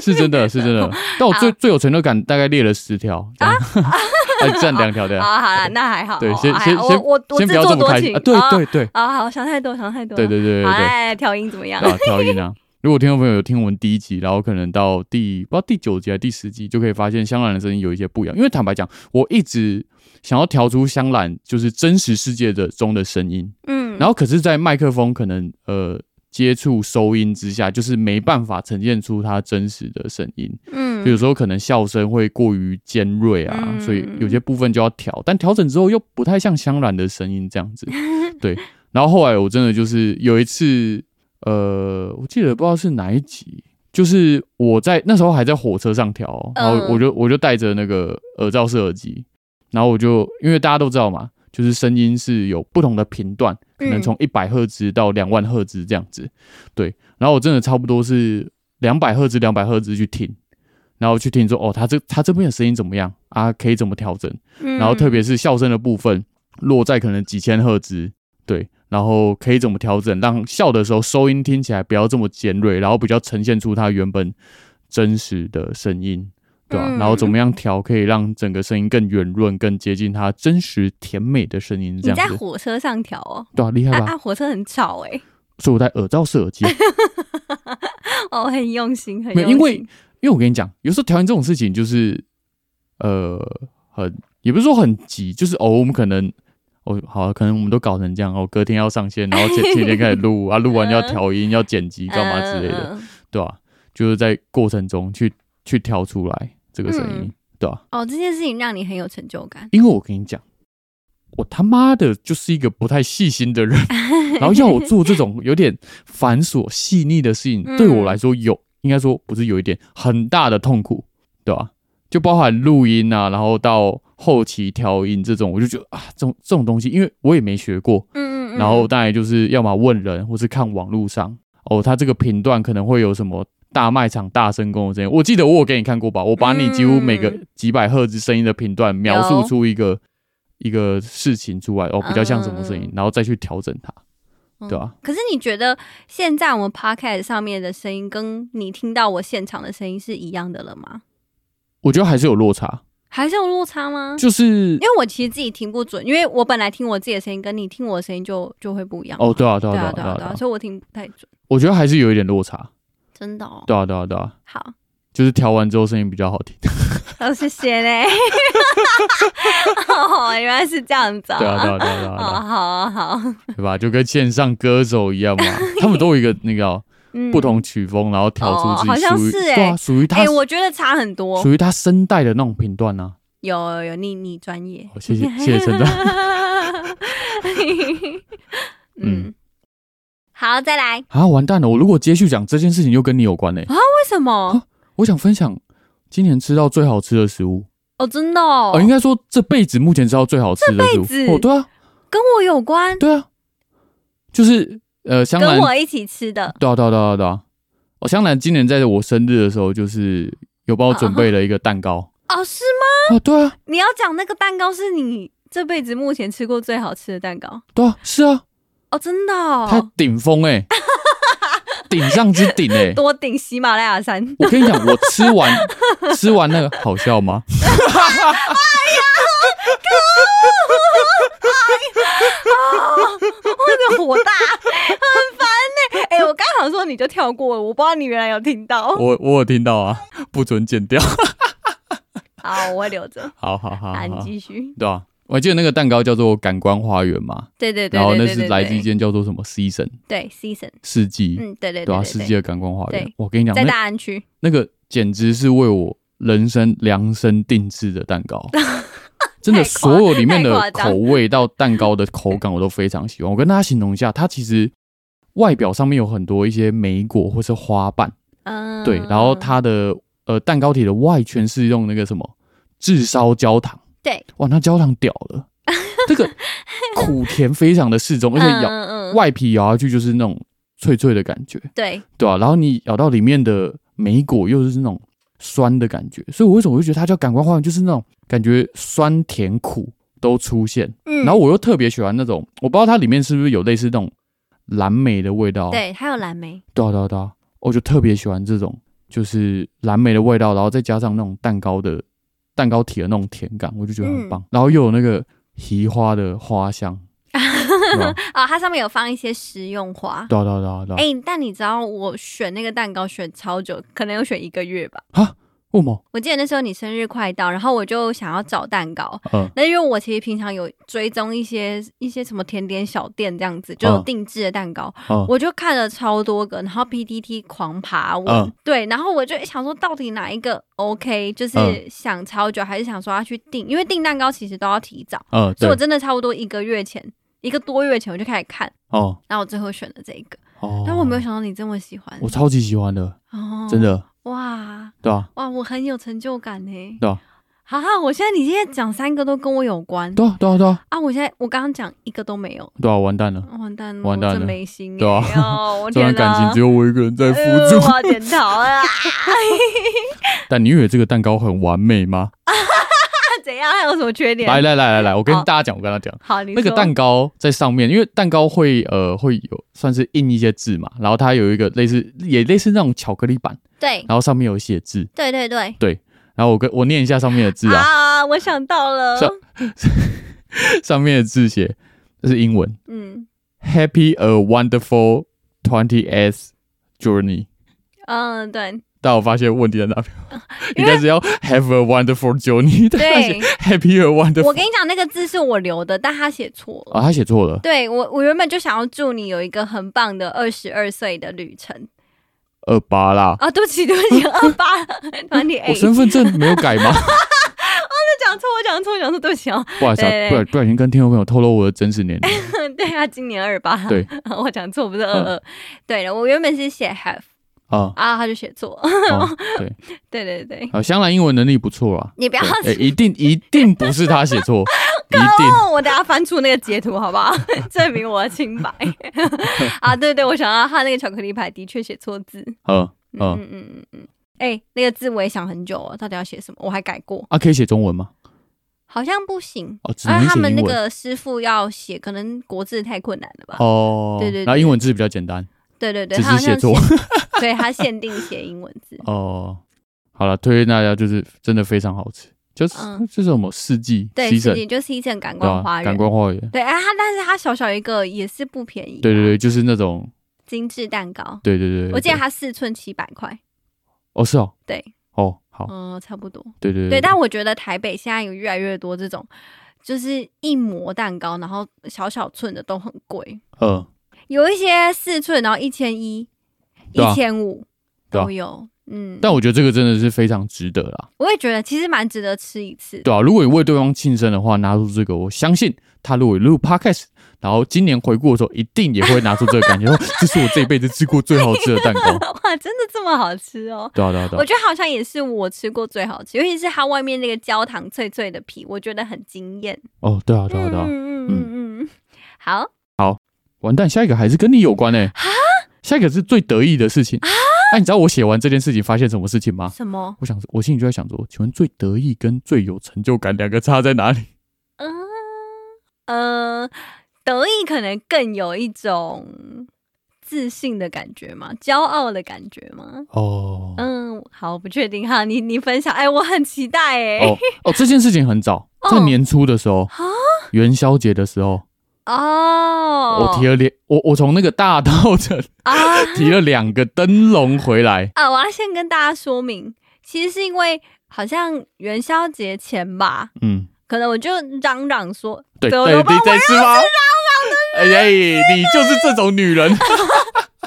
是真的 oh, oh. (laughs) 是真的，是真的 oh, 但我最最有成就感大概列了十條。Oh, (laughs) 再站兩條的好啊！那還好，對哦、對先好先先我我先不要這麼開心，做做啊、對、哦、對、哦、對啊、哦！好，想太多，想太多，對對對對對。哎，調音怎麼樣？調音啊！ (laughs) 如果聽眾朋友有聽我們第一集，然後可能到第不知道第九集還是第十集，就可以發現香蘭的聲音有一些不一樣。因為坦白講，我一直想要調出香蘭就是真實世界的中的聲音，嗯，然後可是，在麥克風可能呃接觸收音之下，就是沒辦法呈現出它真實的聲音，嗯。就有時候可能笑聲會過於尖銳啊、嗯，所以有些部分就要調，但調整之後又不太像香蘭的聲音這樣子。對，然後後來我真的就是有一次，呃，我記得不知道是哪一集，就是我在那時候還在火車上調，然後我就、呃、我就戴着那個耳罩式耳機，然後我就因為大家都知道嘛，就是聲音是有不同的頻段、嗯，可能從一百赫茲到兩萬赫茲這樣子。對，然後我真的差不多是兩百赫茲、兩百赫茲去聽。然後去聽說哦，他這他這邊的聲音怎麼樣啊？可以怎麼調整、嗯？然後特別是笑聲的部分，落在可能幾千赫茲，對。然後可以怎麼調整，讓笑的時候收音聽起來不要這麼尖銳，然後比較呈現出它原本真實的聲音，對吧？嗯、然後怎麼樣調可以讓整個聲音更圓潤，更接近它真實甜美的聲音這樣？你在火車上調哦？對啊，厲害吧？啊，火車很吵誒、欸，所以我戴耳罩式耳機、啊、 (laughs) 哦，很用心，很用心。因為因為我跟你講，有時候調音這種事情就是，呃，很也不是說很急，就是哦，我們可能哦，好，可能我們都搞成這樣哦，隔天要上線，然後天天開始錄 (laughs) 啊，錄完要調音， (laughs) 要剪輯，幹嘛之類的，對吧？啊？就是在過程中去去調出來這個聲音，嗯、對吧？啊？哦，這件事情讓你很有成就感，因為我跟你講，我他媽的就是一個不太細心的人， (laughs) 然後要我做這種有點繁瑣、細膩的事情，嗯，對我來說有。應該說不是有一點很大的痛苦，對吧？就包含錄音啊，然後到後期調音這種，我就覺得啊，這種這種東西，因為我也沒學過，嗯嗯，然後當然就是要麼問人，或是看網絡上哦，它這個頻段可能會有什麼大賣場大聲公的聲音。我記得我有給你看過吧，我把你幾乎每個幾百赫茲聲音的頻段描述出一個、嗯、一個事情出來，哦，比較像什麼聲音、嗯，然後再去調整它。嗯、對啊，可是你覺得現在我們 Podcast 上面的聲音跟你聽到我現場的聲音是一樣的了嗎？我覺得還是有落差，還是有落差嗎？就是因為我其實自己聽不準，因為我本來聽我自己的聲音，跟你聽我的聲音就就會不一樣。哦，對啊，對啊，對啊，對啊，所以我聽不太準。我覺得還是有一點落差，真的哦、喔。對啊，對啊，對啊。好。就是調完之後聲音比較好聽。哦，謝謝嘞！ (laughs) 哦，原來是這樣子。對啊，對啊，對啊，對啊，對啊，對啊，對、哦、啊，好啊。好好、啊，對吧？就跟線上歌手一樣嘛， (laughs) 他們都有一個那個、嗯、不同曲風，然後調出去、哦，好像是哎、欸，屬於、啊、他。哎、欸，我覺得差很多。屬於他聲帶的那種頻段啊。有有，你你專業、哦。謝謝謝謝，稱讚。嗯，好，再來。啊，完蛋了！我如果接續講這件事情，又跟你有關嘞、欸。啊，為什麼？啊我想分享今年吃到最好吃的食物哦、oh,，真的哦，哦應該說這輩子目前吃到最好吃的食物哦，對啊，跟我有關，對啊，就是呃，香蘭跟我一起吃的，對啊，對啊，對啊，對啊，哦，香蘭今年在我生日的時候，就是有幫我準備了一個蛋糕、uh -huh. 哦，是嗎？啊、哦，對啊，你要講那個蛋糕是你這輩子目前吃過最好吃的蛋糕，對啊，是啊，oh, 哦，真的、欸，它頂峰哎。頂上之頂哎、欸，多頂喜馬拉雅山。我跟你講，我吃完 (laughs) 吃完那個，好笑嗎？媽 (laughs) 呀！ (laughs) (laughs) 我靠！啊！我這火大，很煩呢。哎，我剛好說你就跳過，我不知道你原來有聽到。我我有聽到啊，不准剪掉 (laughs) 。好，我會留着。好好好，好、啊，你繼續。對啊。我記得那個蛋糕叫做“感官花園”嘛，對對對,對，然後那是來自一間叫做什麼 “Season”，對 “Season” 四季，嗯，對對對，啊，四季的感官花園。我跟你講，在大安區那,那個簡直是為我人生量身定制的蛋糕，真的，所有裡面的口味到蛋糕的口感我都非常喜歡。我跟大家形容一下，它其實外表上面有很多一些莓果或是花瓣，嗯，對，然後它的呃蛋糕體的外圈是用那個什麼炙燒焦糖。對，哇，那焦糖屌了， (laughs) 這個苦甜非常的適中， (laughs) 而且咬外皮咬下去就是那種脆脆的感覺，對對啊，然後你咬到裡面的莓果又是那種酸的感覺，所以我為什麼會覺得它叫感官花園，就是那種感覺酸甜苦都出現，嗯，然後我又特別喜歡那種，我不知道它裡面是不是有類似那種藍莓的味道，對，還有藍莓，對啊、對啊、對啊，我就特別喜歡這種就是藍莓的味道，然後再加上那種蛋糕的。蛋糕體的那種甜感，我就覺得很棒，嗯、然後又有那個提花的花香啊、 (laughs) 哦，它上面有放一些食用花，對對對對。哎，但你知道我選那個蛋糕選超久，可能有選一個月吧。啊我我記得那時候你生日快到，然後我就想要找蛋糕。嗯，那因為我其實平常有追蹤一些一些什麼甜點小店這樣子，就有定制的蛋糕。哦、嗯嗯，我就看了超多個，然後 P T T 狂爬文，嗯、對，然後我就想說到底哪一個 O、OK, K，就是想超久，還是想說要去訂，因為訂蛋糕其實都要提早。嗯，所以我真的差不多一個月前，一個多月前我就開始看。哦、嗯，那我最後選了這個。哦，但我沒有想到你這麼喜歡，我超級喜歡的，哦，真的。哇，對啊，哇，我很有成就感呢、欸。對啊，好好，我現在你今天講三個都跟我有關，對啊，對啊，對啊啊，我現在我剛剛講一個都沒有，對啊，完蛋了，完蛋了，完蛋了，沒心、欸，對啊，哦，這段感情只有我一個人在付出、呃，我要點頭了、啊。 (laughs) (laughs) 但你以為這個蛋糕很完美嗎？ (laughs) 哎呀，還有什麼缺點？來來來來來，我跟大家講、哦，我跟他講。好，那個蛋糕在上面，因為蛋糕會呃會有算是印一些字嘛，然後它有一個類似也類似那種巧克力板。對，然後上面有寫字。對，對對對。對，然後我跟我念一下上面的字啊。啊，我想到了。 (laughs) 上面的字寫這是英文。嗯。Happy a wonderful twenty s journey。嗯，對。但我發現問題在哪邊？應該是要 have a wonderful journey，對 (laughs) 他寫 happy a wonderful。我跟你講，那個字是我留的，但他寫錯了。啊，他寫錯了。對我，我原本就想要祝你有一個很棒的二十二歲的旅程。二八啦！啊，對不起，對不起， (laughs) 二八體，我身份證沒有改嗎？啊， (laughs) (laughs) 我講錯，我講錯，講錯，對不起哦、啊。不好意思、啊，不不，不小心跟聽眾朋友透露我的真實年齡。對啊，今年二八。對， (laughs) 我講錯，不是二二。 (laughs) 對了，我原本是寫 have。 (laughs) 啊他就寫錯、哦，對 (laughs) 對對對。好、啊，香蘭英文能力不錯啊。你不要，一定一定不是他寫錯， (laughs) 一定 on, 我等下翻出那個截圖好不好， (laughs) 證明我的清白。 (laughs) 啊，對對，我想到他那個巧克力牌的確寫錯字。嗯嗯嗯嗯，哎、嗯嗯，那個字我也想很久哦，到底要寫什麼？我還改過。啊，可以寫中文嗎？好像不行哦，只他們那個師傅要寫，可能國字太困難了吧？哦，對對，對，然後英文字比較簡單。對對對，是他是寫作，所 (laughs) 以限定寫英文字。哦、呃，好了，推薦大家就是真的非常好吃，就是、嗯、就是什麼四季，對四季，四季就是一件感官花園、啊，感官花園。對，啊，它但是它小小一個也是不便宜、啊。對對對，就是那種精緻蛋糕。對，對對對，我記得它四寸七百塊。哦，是哦。對。哦，好。嗯、呃，差不多。對，對對對。對，但我覺得台北現在有越來越多這種，就是一模蛋糕，然後小小寸的都很貴。嗯。有一些四寸，然後一千一、一千五都有，啊，嗯。但我覺得這個真的是非常值得啦。我也覺得，其實蠻值得吃一次。對啊，如果你為對方慶生的話，拿出這個，我相信他如果錄 podcast 然後今年回顧的時候，一定也會拿出這個感覺， (laughs) 這是我這輩子吃過最好吃的蛋糕。 (laughs) 哇，真的這麼好吃哦？對啊，對啊，對啊，對啊，我覺得好像也是我吃過最好吃，尤其是它外面那個焦糖脆脆的皮，我覺得很驚艷。哦，對啊，對啊，對啊，嗯嗯嗯，好。完蛋，下一個還是跟你有關哎、欸！下一個是最得意的事情啊！你知道我寫完這件事情發現什麼事情嗎？什麼？我想，我心裡就在想說，請問最得意跟最有成就感兩個差在哪裡？嗯，嗯，得意可能更有一種自信的感覺嗎？驕傲的感覺嗎？哦，嗯，好，不確定哈。你你分享，哎，我很期待哎、欸。哦，哦，這件事情很早，在年初的時候，哦、元宵節的時候。哦，我提了兩我我從那個大稻埕提了兩個燈籠回來啊！我要先跟大家說明，其實是因為好像元宵節前吧，嗯，可能我就嚷嚷說，對對對，是嗎？哎，你就是這種女人，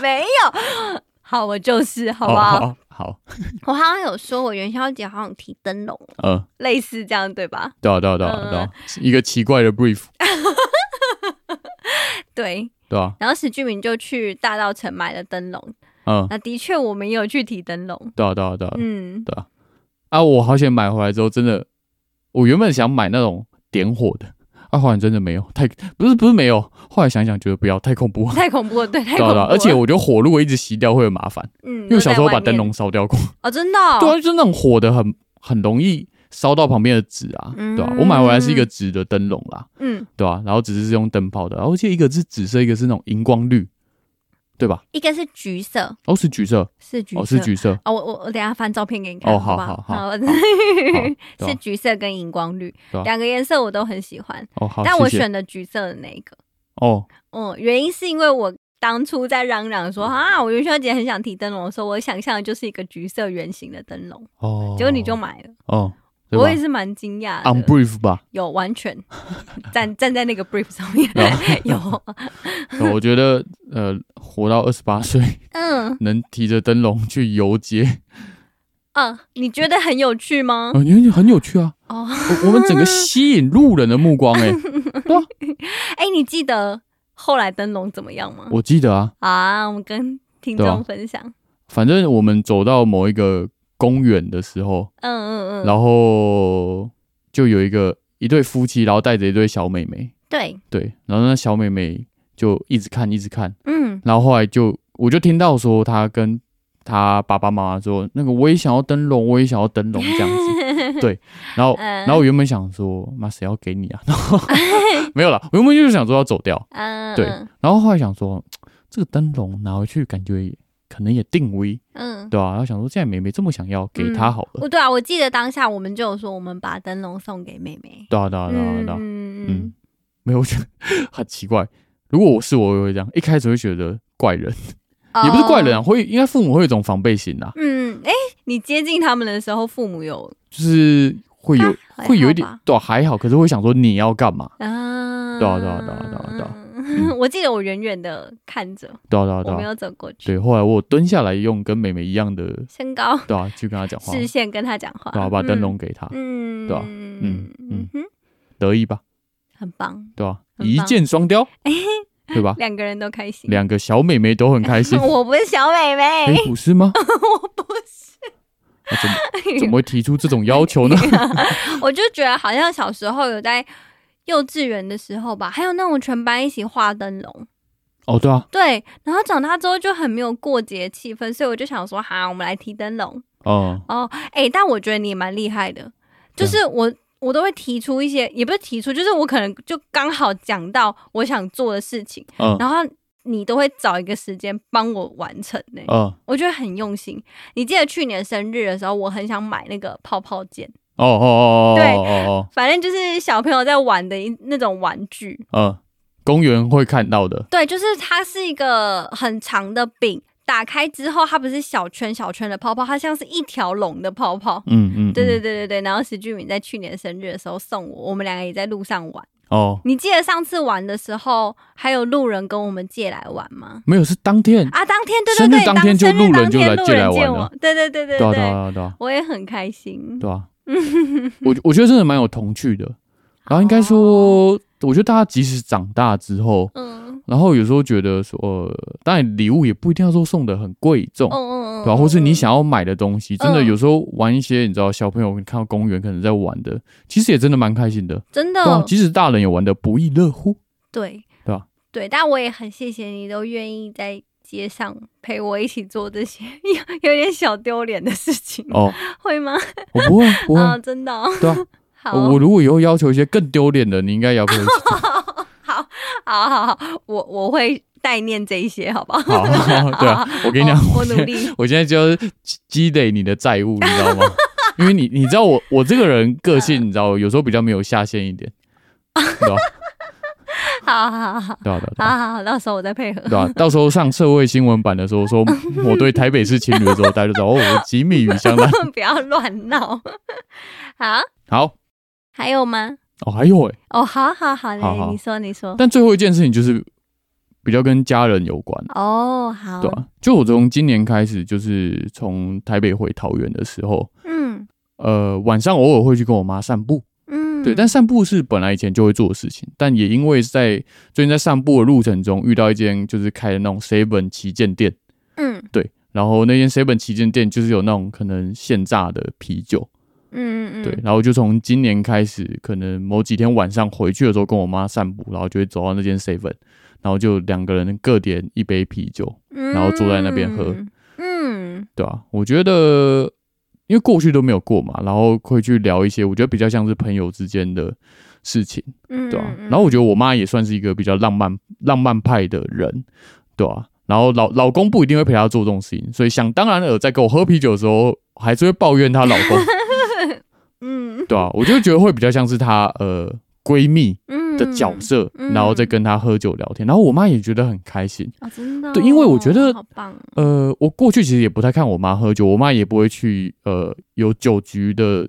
沒有，好，我就是，好不好？好，我好像有說我元宵節好像提燈籠，嗯，類似這樣對吧？對對對對，一個奇怪的 brief。對對啊，然後史俊明就去大道城買了燈籠。嗯，那的確我們也有去提燈籠。對啊，對啊，對啊。嗯，對啊。啊，我好險買回來之後，真的，我原本想買那種點火的，啊，後來真的沒有，太不是不是沒有。後來想想覺得不要太恐怖，太恐怖，了對，太恐怖，了、啊啊太恐怖了。而且我覺得火如果一直熄掉會很麻煩，嗯，因為小時候把燈籠燒掉過啊、哦，真的、哦，對、啊，就那種火的很很容易。燒到旁邊的紙啊，對吧、啊嗯？我買回來是一個紙的燈籠啦，嗯，對吧、啊？然後紙是用燈泡的，然後而且一個是紫色，一個是那種熒光綠，對吧？一個是橘色，哦，是橘色，是橘，哦，是橘色。哦，我我等一下翻照片給你看。哦，好好、哦、好，好，好，好， (laughs) 好、啊，是橘色跟熒光綠兩、啊啊、個顏色，我都很喜歡。啊、但我選的橘色的那一個。哦一個哦，哦，原因是因為我當初在嚷嚷說、哦、啊，我元宵節很想提燈籠，所以我想象的就是一個橘色圓形的燈籠。哦，結果你就買了。哦。我也是蠻驚訝的，Unbrief 吧，有，完全，站站在那個 brief 上面。 (laughs) (laughs) 有， (laughs) 我覺得呃，活到二十八歲，嗯，能提着燈籠去遊街，啊、呃，你覺得很有趣嗎？啊、呃，很、呃呃、很有趣啊 (laughs) 我！我們整個吸引路人的目光、欸，哎，對，哎，你記得後來燈籠怎麼樣嗎？我記得啊，啊，我跟聽眾分享，反正我們走到某一個。公園的時候，嗯嗯嗯，然後就有一個一對夫妻，然後帶着一對小妹妹，對對，然後那小妹妹就一直看，一直看，嗯，然後後來就我就聽到說，她跟她爸爸媽媽說，那個我也想要燈籠，我也想要燈籠這樣子， (laughs) 對，然後、嗯、然後我原本想說，媽誰要給你啊，然後沒有了，我原本就是想說要走掉，嗯，對，然後後來想說這個燈籠拿回去感覺也。可能也定位，嗯，對啊，然後想說，現在妹妹這麼想要，給她好了、嗯。對啊，我記得當下我們就有說，我們把燈籠送給妹妹。對啊，對啊，嗯、對,啊對啊，對啊，嗯嗯，沒有，我覺得呵呵很奇怪。如果我是我，我也會這樣。一開始會覺得怪人，哦、也不是怪人、啊，會，因為父母會有一種防備心吶、啊。嗯，哎，你接近他們的時候，父母有就是會有、啊、會有一點，啊、對、啊，還好，可是會想說你要幹嘛？啊，對啊，對啊，對啊，嗯、對啊。對啊對啊對啊嗯、我記得我遠遠的看着，對啊對啊對啊，沒有走過去。對，後來我蹲下來，用跟妹妹一樣的身高，對啊，去跟她講話，視線跟她講話，然後、啊、把燈籠給她，嗯，對吧、啊？嗯嗯，嗯，得意吧？很棒，對吧、啊？一箭雙雕、欸，對吧？兩個人都開心，兩個小妹妹都很開心。欸、我不是小妹妹，黑、欸、不是嗎？ (laughs) 我不是，啊、怎麼怎麼會提出這種要求呢？ (laughs) 我就覺得好像小時候有在。幼稚園的時候吧，還有那種全班一起畫燈籠，哦，對啊，對，然後長大之後就很沒有過節氣氛，所以我就想說，哈，我們來提燈籠，哦，哦，哎、欸，但我覺得你也蠻厲害的，就是我我都會提出一些，也不是提出，就是我可能就剛好講到我想做的事情、嗯，然後你都會找一個時間幫我完成呢、欸嗯，我覺得很用心。你記得去年生日的時候，我很想買那個泡泡劍。哦哦哦哦，對哦哦，反正就是小朋友在玩的一那種玩具，嗯、呃，公園會看到的。對，就是它是一個很長的餅，打開之後它不是小圈小圈的泡泡，它像是一條龍的泡泡。嗯嗯，對對對對對。然後史俊敏在去年生日的時候送我，我們兩個也在路上玩。哦、oh.，你記得上次玩的時候還有路人跟我們借來玩嗎？沒有，是當天啊，當天對對對，生日當天就路人就來借來玩見我對對對對對，對、啊、對,、啊對,啊對啊、我也很開心。對啊。嗯， (laughs) 我我覺得真的蠻有童趣的，然後應該說，oh. 我覺得大家即使長大之後，嗯、uh.，然後有時候覺得說，但、呃、當然禮物也不一定要說送的很貴重，嗯嗯嗯，或是你想要買的東西，uh. 真的有時候玩一些，你知道，小朋友看到公園可能在玩的，uh. 其實也真的蠻開心的，真的，啊、即使大人也玩的不亦樂乎，對，對吧？對，但我也很謝謝你都願意在。也想陪我一起做這些有有點小丟臉的事情哦，會嗎？我不會，不、啊、真的、哦。對、啊、我如果以後要求一些更丟臉的，你應該也要陪、啊。好好好好，好，好，我我會代念這一些，好不好？好，好好對啊，我，我跟你講，我努力，我現在就要積累你的債務，你知道嗎？ (laughs) 因為你你知道我我這個人個性，你知道，有時候比較沒有下限一點，懂、啊 (laughs) 好好好，對啊對啊對啊好，好好，到時候我再配合。對、啊， (laughs) 到時候上社會新聞版的時候說，說 (laughs) 我對台北是情侶的時候， (laughs) 大家都知道哦，我吉米與香蘭。 (laughs) 不要亂鬧。好。好。還有嗎？哦，還有哎、欸。哦，好好好嘞好好，你說你說。但最後一件事情就是比較跟家人有關哦。好。對、啊、就我從今年開始，就是從台北回桃園的時候，嗯，呃，晚上偶爾會去跟我媽散步。對，但散步是本來以前就會做的事情，但也因為是在最近在散步的路程中遇到一間就是開的那種 Seven 旗艦店，嗯，對，然後那間 Seven 旗艦店就是有那種可能現榨的啤酒，嗯，嗯，對，然後就從今年開始，可能某幾天晚上回去的時候跟我媽散步，然後就會走到那間 Seven，然後就兩個人各點一杯啤酒，然後坐在那邊喝，嗯，嗯，對啊，我覺得。因為過去都沒有過嘛，然後會去聊一些我覺得比較像是朋友之間的事情，嗯，對啊。然後我覺得我媽也算是一個比較浪漫、浪漫派的人，對啊。然後老老公不一定會陪她做這種事情，所以想當然的在跟我喝啤酒的時候，還是會抱怨她老公，嗯，對啊，我就覺得會比較像是她呃閨蜜。的角色，然後再跟他喝酒聊天，嗯、然後我媽也覺得很開心啊，真的、哦，對，因為我覺得呃，我過去其實也不太看我媽喝酒，我媽也不會去呃有酒局的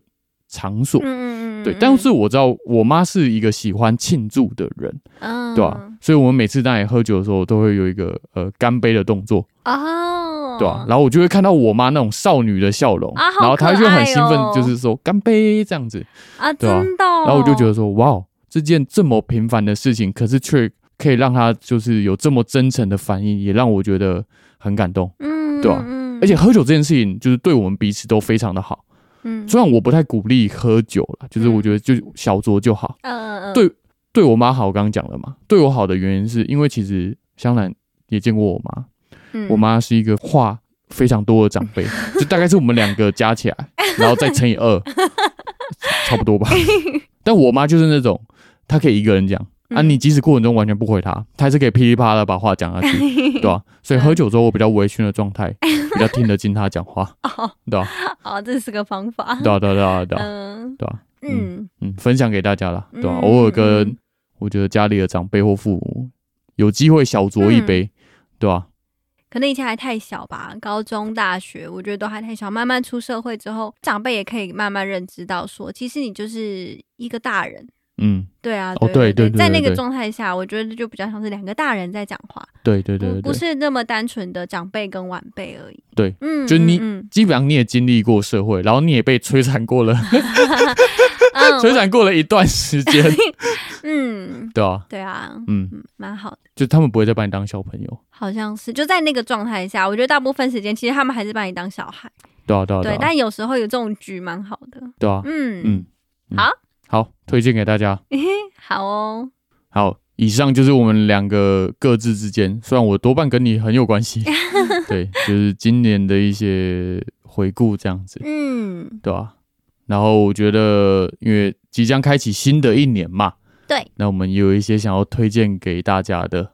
場所，嗯，對。但是我知道、嗯、我媽是一個喜歡慶祝的人，嗯、對吧、啊？所以我們每次在一起喝酒的時候，都會有一個呃乾杯的動作，哦，對吧、啊？然後我就會看到我媽那種少女的笑容、啊哦、然後她就很興奮，就是說乾杯這樣子啊，真的、哦對啊。然後我就覺得說哇哦。這件這麼平凡的事情，可是卻可以讓他就是有這麼真誠的反應，也讓我覺得很感動，嗯，對吧？嗯、而且喝酒這件事情，就是對我們彼此都非常的好，嗯，雖然我不太鼓勵喝酒了，就是我覺得就小酌就好、嗯對嗯，對，對我媽好，我剛剛講了嘛，對我好的原因是因為其實香蘭也見過我媽，嗯、我媽是一個話非常多的長輩、嗯，就大概是我們兩個加起來，嗯、然後再乘以二、嗯，差不多吧、嗯，但我媽就是那種。他可以一個人講、嗯、啊，你即使過程中完全不回他，他還是可以噼里啪啦把話講下去， (laughs) 對、啊、所以喝酒之後我比較微醺的狀態， (laughs) 比較聽得進他講話， (laughs) 對啊、哦哦，這是個方法，對、啊、對、啊、對,、啊對啊、嗯嗯,嗯，分享給大家了、嗯，對、啊、偶爾跟我覺得家裡的長輩或父母有機會小酌一杯，嗯、對、啊、可能以前還太小吧，高中大學我覺得都還太小，慢慢出社會之後，長輩也可以慢慢認知到說，說其實你就是一個大人。嗯，對啊，對對對，對，在那個狀態下，我覺得就比較像是兩個大人在講話。對對對，對，不是那麼單純的長輩跟晚輩而已。對，嗯，就是、你基本上你也經歷過社會，然後你也被摧殘過了，摧殘過了一段時間。嗯，笑 (laughs) 對啊，對啊，對啊，對啊，對啊，嗯，蠻好的。就他們不會再把你當小朋友，好像是就在那個狀態下，我覺得大部分時間其實他們還是把你當小孩。對啊，對啊，啊、對。但有時候有這種局蠻好的。對啊，嗯嗯，好。好，推薦給大家 (noise) 好哦。好，以上就是我們兩個各自之間，雖然我多半跟你很有關係。 (laughs) 對，就是今年的一些回顧，這樣子。嗯，對吧、啊？然後我覺得，因為即將開啟新的一年嘛。對。那我們也有一些想要推薦給大家的。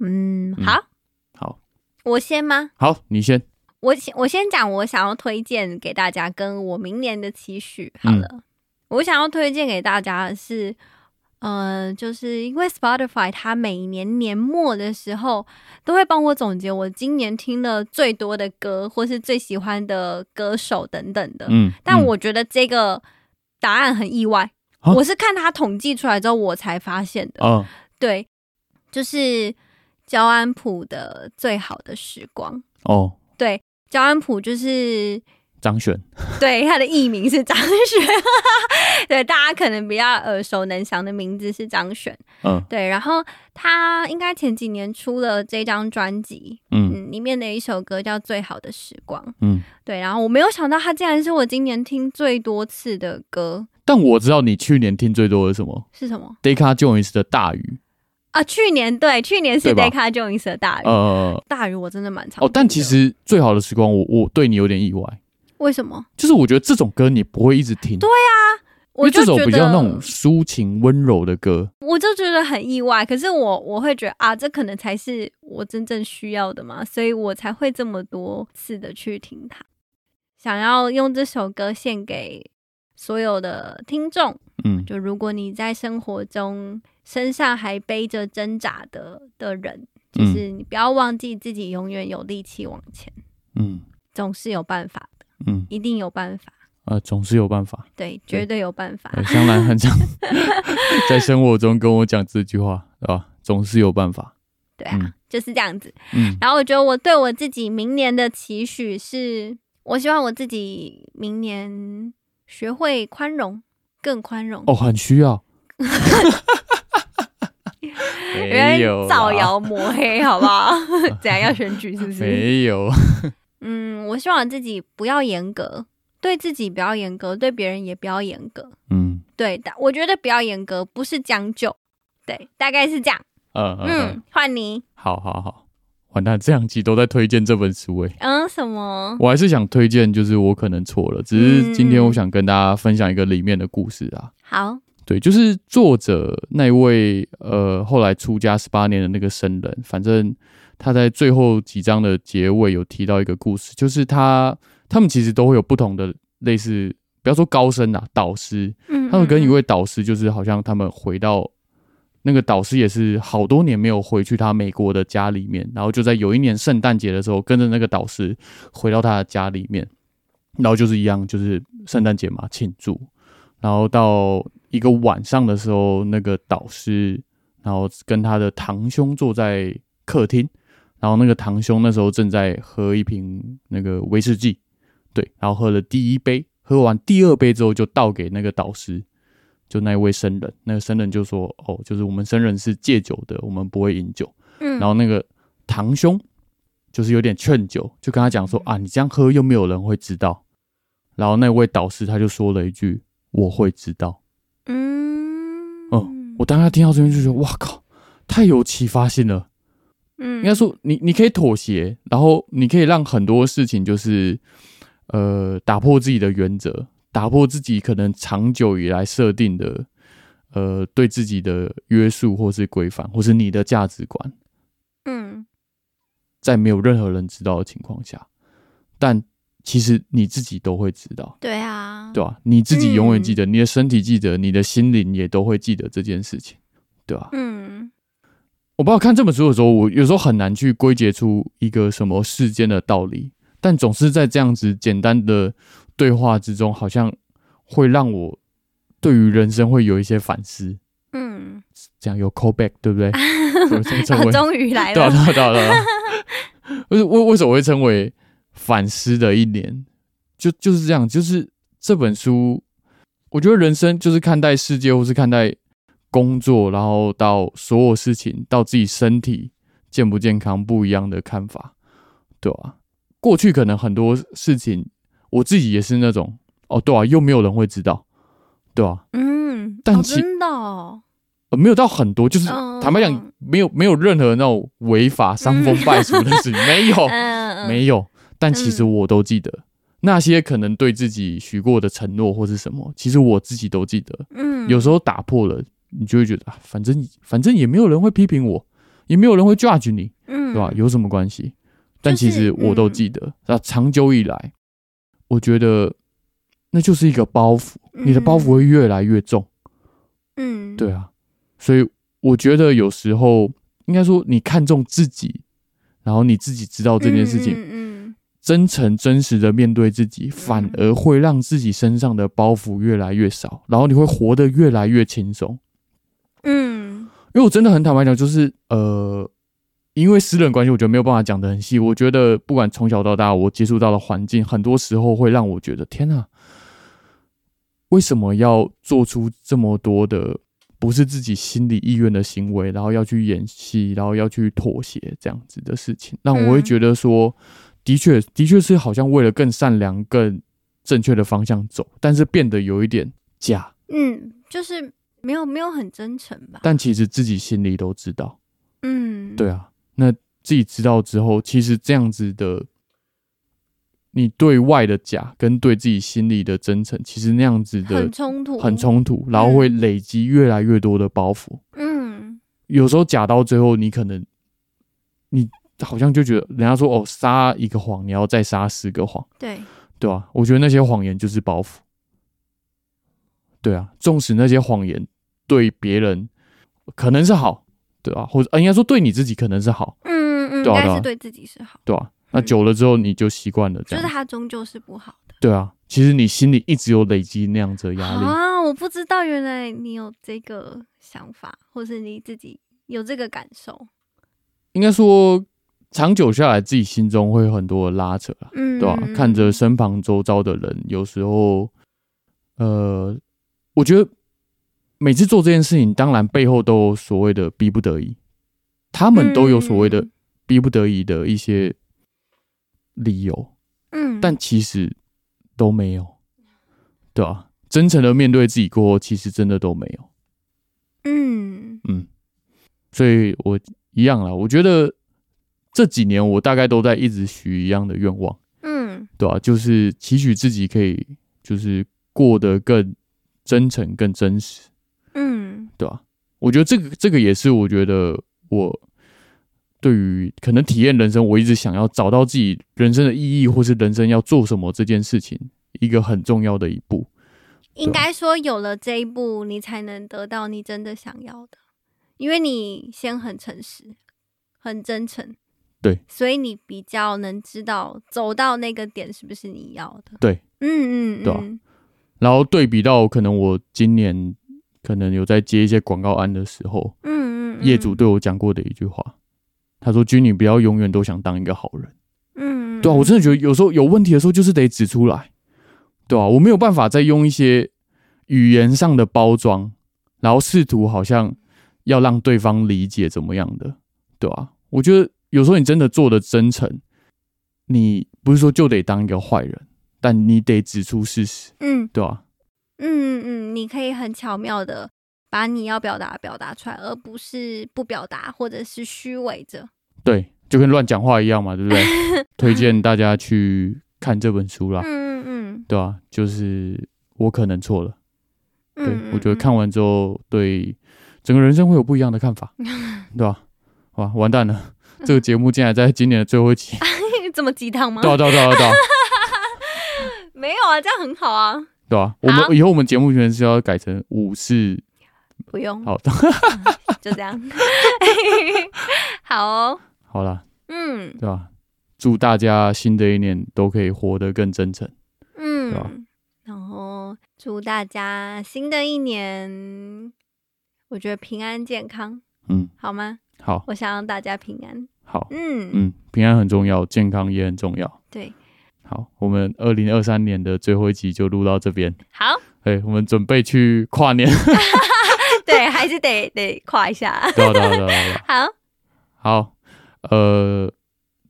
嗯，好、嗯。好，我先嗎？好，你先。我先，我先講，我想要推薦給大家，跟我明年的期許。好了。嗯我想要推薦給大家的是，嗯、呃，就是因為 Spotify，它每年年末的時候都會幫我總結我今年聽了最多的歌或是最喜歡的歌手等等的嗯。嗯，但我覺得這個答案很意外。啊、我是看它統計出來之後，我才發現的。嗯、哦，對，就是焦安溥的《最好的時光》。哦，對，焦安溥就是。張懸，對，他的藝名是張懸，對，大家可能比較耳熟能詳的名字是張懸，嗯，對，然後他應該前幾年出了這張專輯，嗯，裡面的一首歌叫《最好的時光》，嗯，對，然後我沒有想到他竟然是我今年聽最多次的歌，但我知道你去年聽最多的什麼是什麼？Deca Joins 的大雨啊，去年對，去年是 Deca Joins 的大雨哦、呃，大雨我真的蠻常的哦，但其實《最好的時光》，我我對你有點意外。為什麼？就是我覺得這種歌你不會一直聽，對啊，我就覺得因為這首比較那種抒情溫柔的歌，我就覺得很意外。可是我我會覺得啊，這可能才是我真正需要的嘛，所以我才會這麼多次的去聽它。想要用這首歌獻給所有的聽眾，嗯，就如果你在生活中身上還背着掙扎的的人，就是你不要忘記自己永遠有力氣往前，嗯，總是有辦法。嗯、一定有辦法啊、呃，總是有辦法，對，絕對有辦法。香蘭很常 (laughs) 在生活中跟我講這句話，對吧？總是有辦法。對啊，嗯、就是這樣子。嗯，然後我覺得我對我自己明年的期許是，嗯，我希望我自己明年學會寬容，更寬容。哦，很需要。 (laughs) (laughs) 沒有造謠抹黑，好不好？ (laughs) 怎樣要選舉？是不是？沒有。嗯，我希望我自己不要嚴格，對自己不要嚴格，對別人也不要嚴格。嗯，對的，我覺得不要嚴格不是將就，對，大概是這樣。嗯嗯，換、嗯、你，好好好，完蛋，這兩集都在推薦這本書哎。嗯，什麼？我還是想推薦，就是我可能錯了，只是今天我想跟大家分享一個裡面的故事啊、嗯。好，對，就是作者那位呃，後來出家十八年的那個僧人，反正。他在最後幾章的結尾有提到一個故事，就是他他們其實都會有不同的類似，不要說高僧啊，導師，嗯，他們跟一位導師，就是好像他們回到那個導師也是好多年沒有回去他美國的家裡面，然後就在有一年聖誕節的時候，跟着那個導師回到他的家裡面，然後就是一樣，就是聖誕節嘛，慶祝，然後到一個晚上的時候，那個導師然後跟他的堂兄坐在客廳。然後那個堂兄那時候正在喝一瓶那個威士忌，對，然後喝了第一杯，喝完第二杯之後就倒給那個導師，就那位僧人。那個僧人就說：“哦，就是我們僧人是戒酒的，我們不會飲酒。”嗯，然後那個堂兄就是有點勸酒，就跟他講說：“啊，你這樣喝又沒有人會知道。”然後那位導師他就說了一句：“我會知道。”嗯，嗯，哦，我當時聽到這邊就覺得：“哇靠，太有啟發性了。”嗯，應該說你，你可以妥協，然後你可以讓很多事情就是，呃，打破自己的原則，打破自己可能長久以來設定的，呃，對自己的約束或是規範，或是你的價值觀。嗯，在沒有任何人知道的情況下，但其實你自己都會知道。對啊，對啊，你自己永遠記得，嗯，你的身體記得，你的心靈也都會記得這件事情，對吧？嗯。我不知道看這本書的時候，我有時候很難去歸結出一個什麼世間的道理，但總是在這樣子簡單的對話之中，好像會讓我對於人生會有一些反思。嗯，這樣有 callback 對不對？啊、我終於、啊、來了，為為、啊啊啊啊啊、 (laughs) 為什麼會稱為反思的一年？就就是這樣，就是這本書，我覺得人生就是看待世界，或是看待。工作，然後到所有事情，到自己身體健不健康，不一樣的看法，對吧、啊？過去可能很多事情，我自己也是那種，哦，對啊，又沒有人會知道，對吧、啊？嗯，但其、哦、真的、哦，沒有到很多，就是、嗯、坦白講，沒有沒有任何那種違法傷風敗俗的事情，嗯、 (laughs) 沒有、嗯，沒有。但其實我都記得、嗯、那些可能對自己許過的承諾或是什麼，其實我自己都記得。嗯，有時候打破了。你就會覺得，啊，反正反正也沒有人會批評我，也沒有人會 judge 你，嗯，對吧？有什麼關係？但其實我都記得，啊、嗯，長久以來，我覺得那就是一個包袱、嗯，你的包袱會越來越重，嗯，對啊，所以我覺得有時候應該說，你看重自己，然後你自己知道這件事情，嗯，嗯，真誠真實的面對自己，反而會讓自己身上的包袱越來越少，然後你會活得越來越輕鬆。因為我真的很坦白講，就是呃，因為私人關係，我覺得沒有辦法講的很細。我覺得不管從小到大，我接觸到的環境，很多時候會讓我覺得，天哪、啊，為什麼要做出這麼多的不是自己心理意願的行為，然後要去演戲，然後要去妥協這樣子的事情？那我會覺得說，嗯、的確，的確是好像為了更善良、更正確的方向走，但是變得有一點假。嗯，就是。沒有，沒有很真誠吧？但其實自己心裡都知道。嗯，對啊。那自己知道之後，其實這樣子的，你對外的假跟對自己心裡的真誠，其實那樣子的很衝突，很衝突，然後會累積越來越多的包袱。嗯，有時候假到最後，你可能你好像就覺得，人家說哦，撒一個謊，你要再撒十個謊。對，對啊。我覺得那些謊言就是包袱。對啊，縱使那些謊言對別人可能是好，對啊，或者，啊、應該說對你自己可能是好。嗯嗯，啊、應該是對自己是好。對啊，嗯、那久了之後你就習慣了這樣，就是他終究是不好的。對啊，其實你心裡一直有累積那樣子的壓力啊。我不知道，原來你有這個想法，或是你自己有這個感受。應該說，長久下來，自己心中會有很多的拉扯，嗯，對吧、啊嗯？看着身旁周遭的人，有時候，呃。我覺得每次做這件事情，當然背後都有所謂的逼不得已，他們都有所謂的逼不得已的一些理由，嗯，但其實都沒有，對吧？真誠的面對自己過後，其實真的都沒有，嗯嗯，所以我一樣啦，我覺得這幾年我大概都在一直許一樣的願望，嗯，對吧？就是期許自己可以就是過得更真誠更真實，嗯，對吧？我覺得這個這個也是，我覺得我對於可能體驗人生，我一直想要找到自己人生的意義，或是人生要做什麼這件事情，一個很重要的一步。嗯、應該說，有了這一步，你才能得到你真的想要的，因為你先很誠實、很真誠，對，所以你比較能知道走到那個點是不是你要的。對，嗯嗯嗯。嗯對然後對比到可能我今年可能有在接一些廣告案的時候，嗯嗯，業主對我講過的一句話，他說：“君，你不要永遠都想當一個好人。”嗯，對啊，我真的覺得有時候有問題的時候就是得指出來，對啊，我沒有辦法再用一些語言上的包裝，然後試圖好像要讓對方理解怎麼樣的，對啊，我覺得有時候你真的做的真誠，你不是說就得當一個壞人。但你得指出事實，嗯，對吧、啊？嗯嗯，你可以很巧妙的把你要表達表達出來，而不是不表達或者是虛偽着。對，就跟亂講話一樣嘛，對不對？ (laughs) 推薦大家去看這本書啦，嗯嗯，對吧、啊？就是我可能錯了、嗯，對，我覺得看完之後對整個人生會有不一樣的看法， (laughs) 對吧、啊？哇、啊，完蛋了，這個節目竟然在今年的最後一期， (laughs) 這麼雞湯嗎？對、啊、對、啊、對、啊，對啊 (laughs) 沒有啊，這樣很好啊。對啊，我們、啊、以後我們節目全是要改成五四，不用好的、嗯，就這樣。 (laughs) (laughs) 好哦，好了，嗯，對吧、啊？祝大家新的一年都可以活得更真誠，嗯、啊，然後祝大家新的一年，我覺得平安健康，嗯，好嗎？好，我想讓大家平安。好，嗯嗯，平安很重要，健康也很重要，對。好，我們二零二三年的最後一集就錄到這邊。好，哎，我們準備去跨年。 (laughs) (laughs) 對，還是得得跨一下。 (laughs) 對啊，對啊，對啊，對啊。好。好，呃，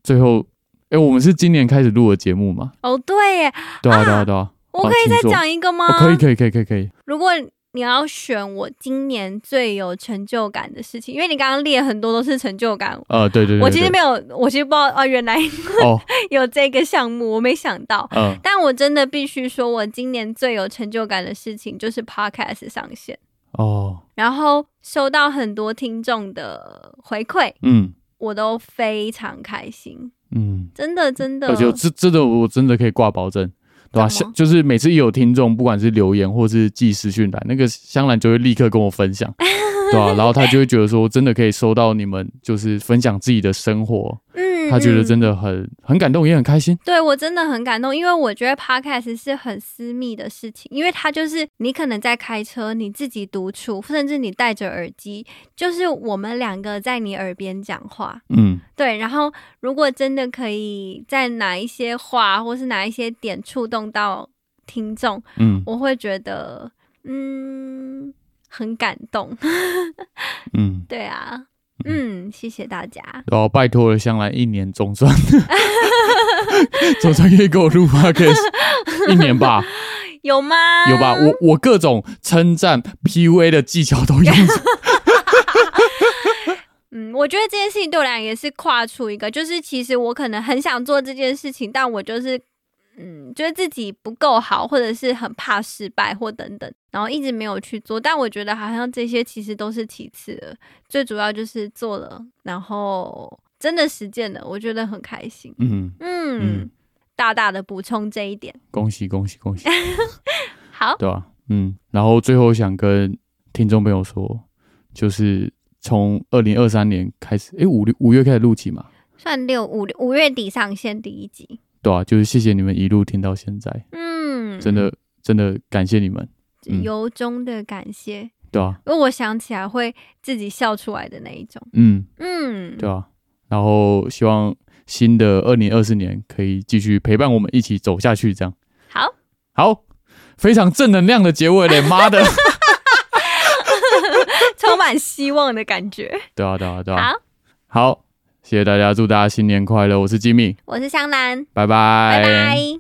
最後，欸，我們是今年開始錄的節目嘛？哦，對耶。對啊，啊，對啊，對啊。我可以再講一個嗎？哦，可以可以可以可以可以。如果你要選我今年最有成就感的事情，因為你剛剛列很多都是成就感。啊、呃，對對對、對，我其實沒有，我其實不知道、哦、原來、 (laughs) 哦、有這個項目，我沒想到。嗯，但我真的必須說，我今年最有成就感的事情就是 podcast 上線。哦。然後收到很多聽眾的回饋，嗯，我都非常開心。嗯，真的，真的就真的，我真的我真的可以掛保證。對吧、啊？就是每次一有聽眾，不管是留言或是寄私訊來，那個香蘭就會立刻跟我分享， (laughs) 對吧、啊？然後他就會覺得說，真的可以收到你們，就是分享自己的生活。嗯他覺得真的很、嗯、很感動，也很開心。對，我真的很感動，因為我覺得 podcast 是很私密的事情，因為他就是你可能在開車，你自己獨處，甚至你戴着耳機，就是我們兩個在你耳邊講話。嗯，對。然後，如果真的可以在哪一些話，或是哪一些點觸動到聽眾，嗯，我會覺得，嗯，很感動。 (laughs) 嗯，對啊。嗯，嗯，謝謝大家。哦，拜託了，香蘭，一年總算總算可以給我錄 podcast 一年吧？有嗎？有吧？我我各種稱讚 PUA 的技巧都用上。 (laughs) (laughs) (laughs) (laughs) 嗯，我覺得這件事情對我來講也是跨出一個，就是其實我可能很想做這件事情，但我就是。嗯，覺得自己不夠好，或者是很怕失敗，或等等，然後一直沒有去做。但我覺得好像這些其實都是其次的，最主要就是做了，然後真的實踐了，我覺得很開心。嗯嗯，嗯，大大的補充這一點，恭喜恭喜恭喜！恭喜 (laughs) (laughs) 好，對啊。嗯，然後最後想跟聽眾朋友說，就是從二零二三年開始，誒五六五月開始錄起嘛，算六五五月底上線第一集。對啊，就是謝謝你們一路聽到現在，嗯，真的真的感謝你們，由衷的感謝，嗯，對啊，因為我想起來會自己笑出來的那一種，嗯嗯，對啊，然後希望新的二零二四年可以繼續陪伴我們一起走下去，這樣，好，好，非常正能量的結尾嘞，媽的，充 (laughs) 滿 (laughs) 希望的感覺，對啊對啊對啊，好，好。謝謝大家，祝大家新年快樂！我是吉米，我是香蘭，拜拜，拜拜。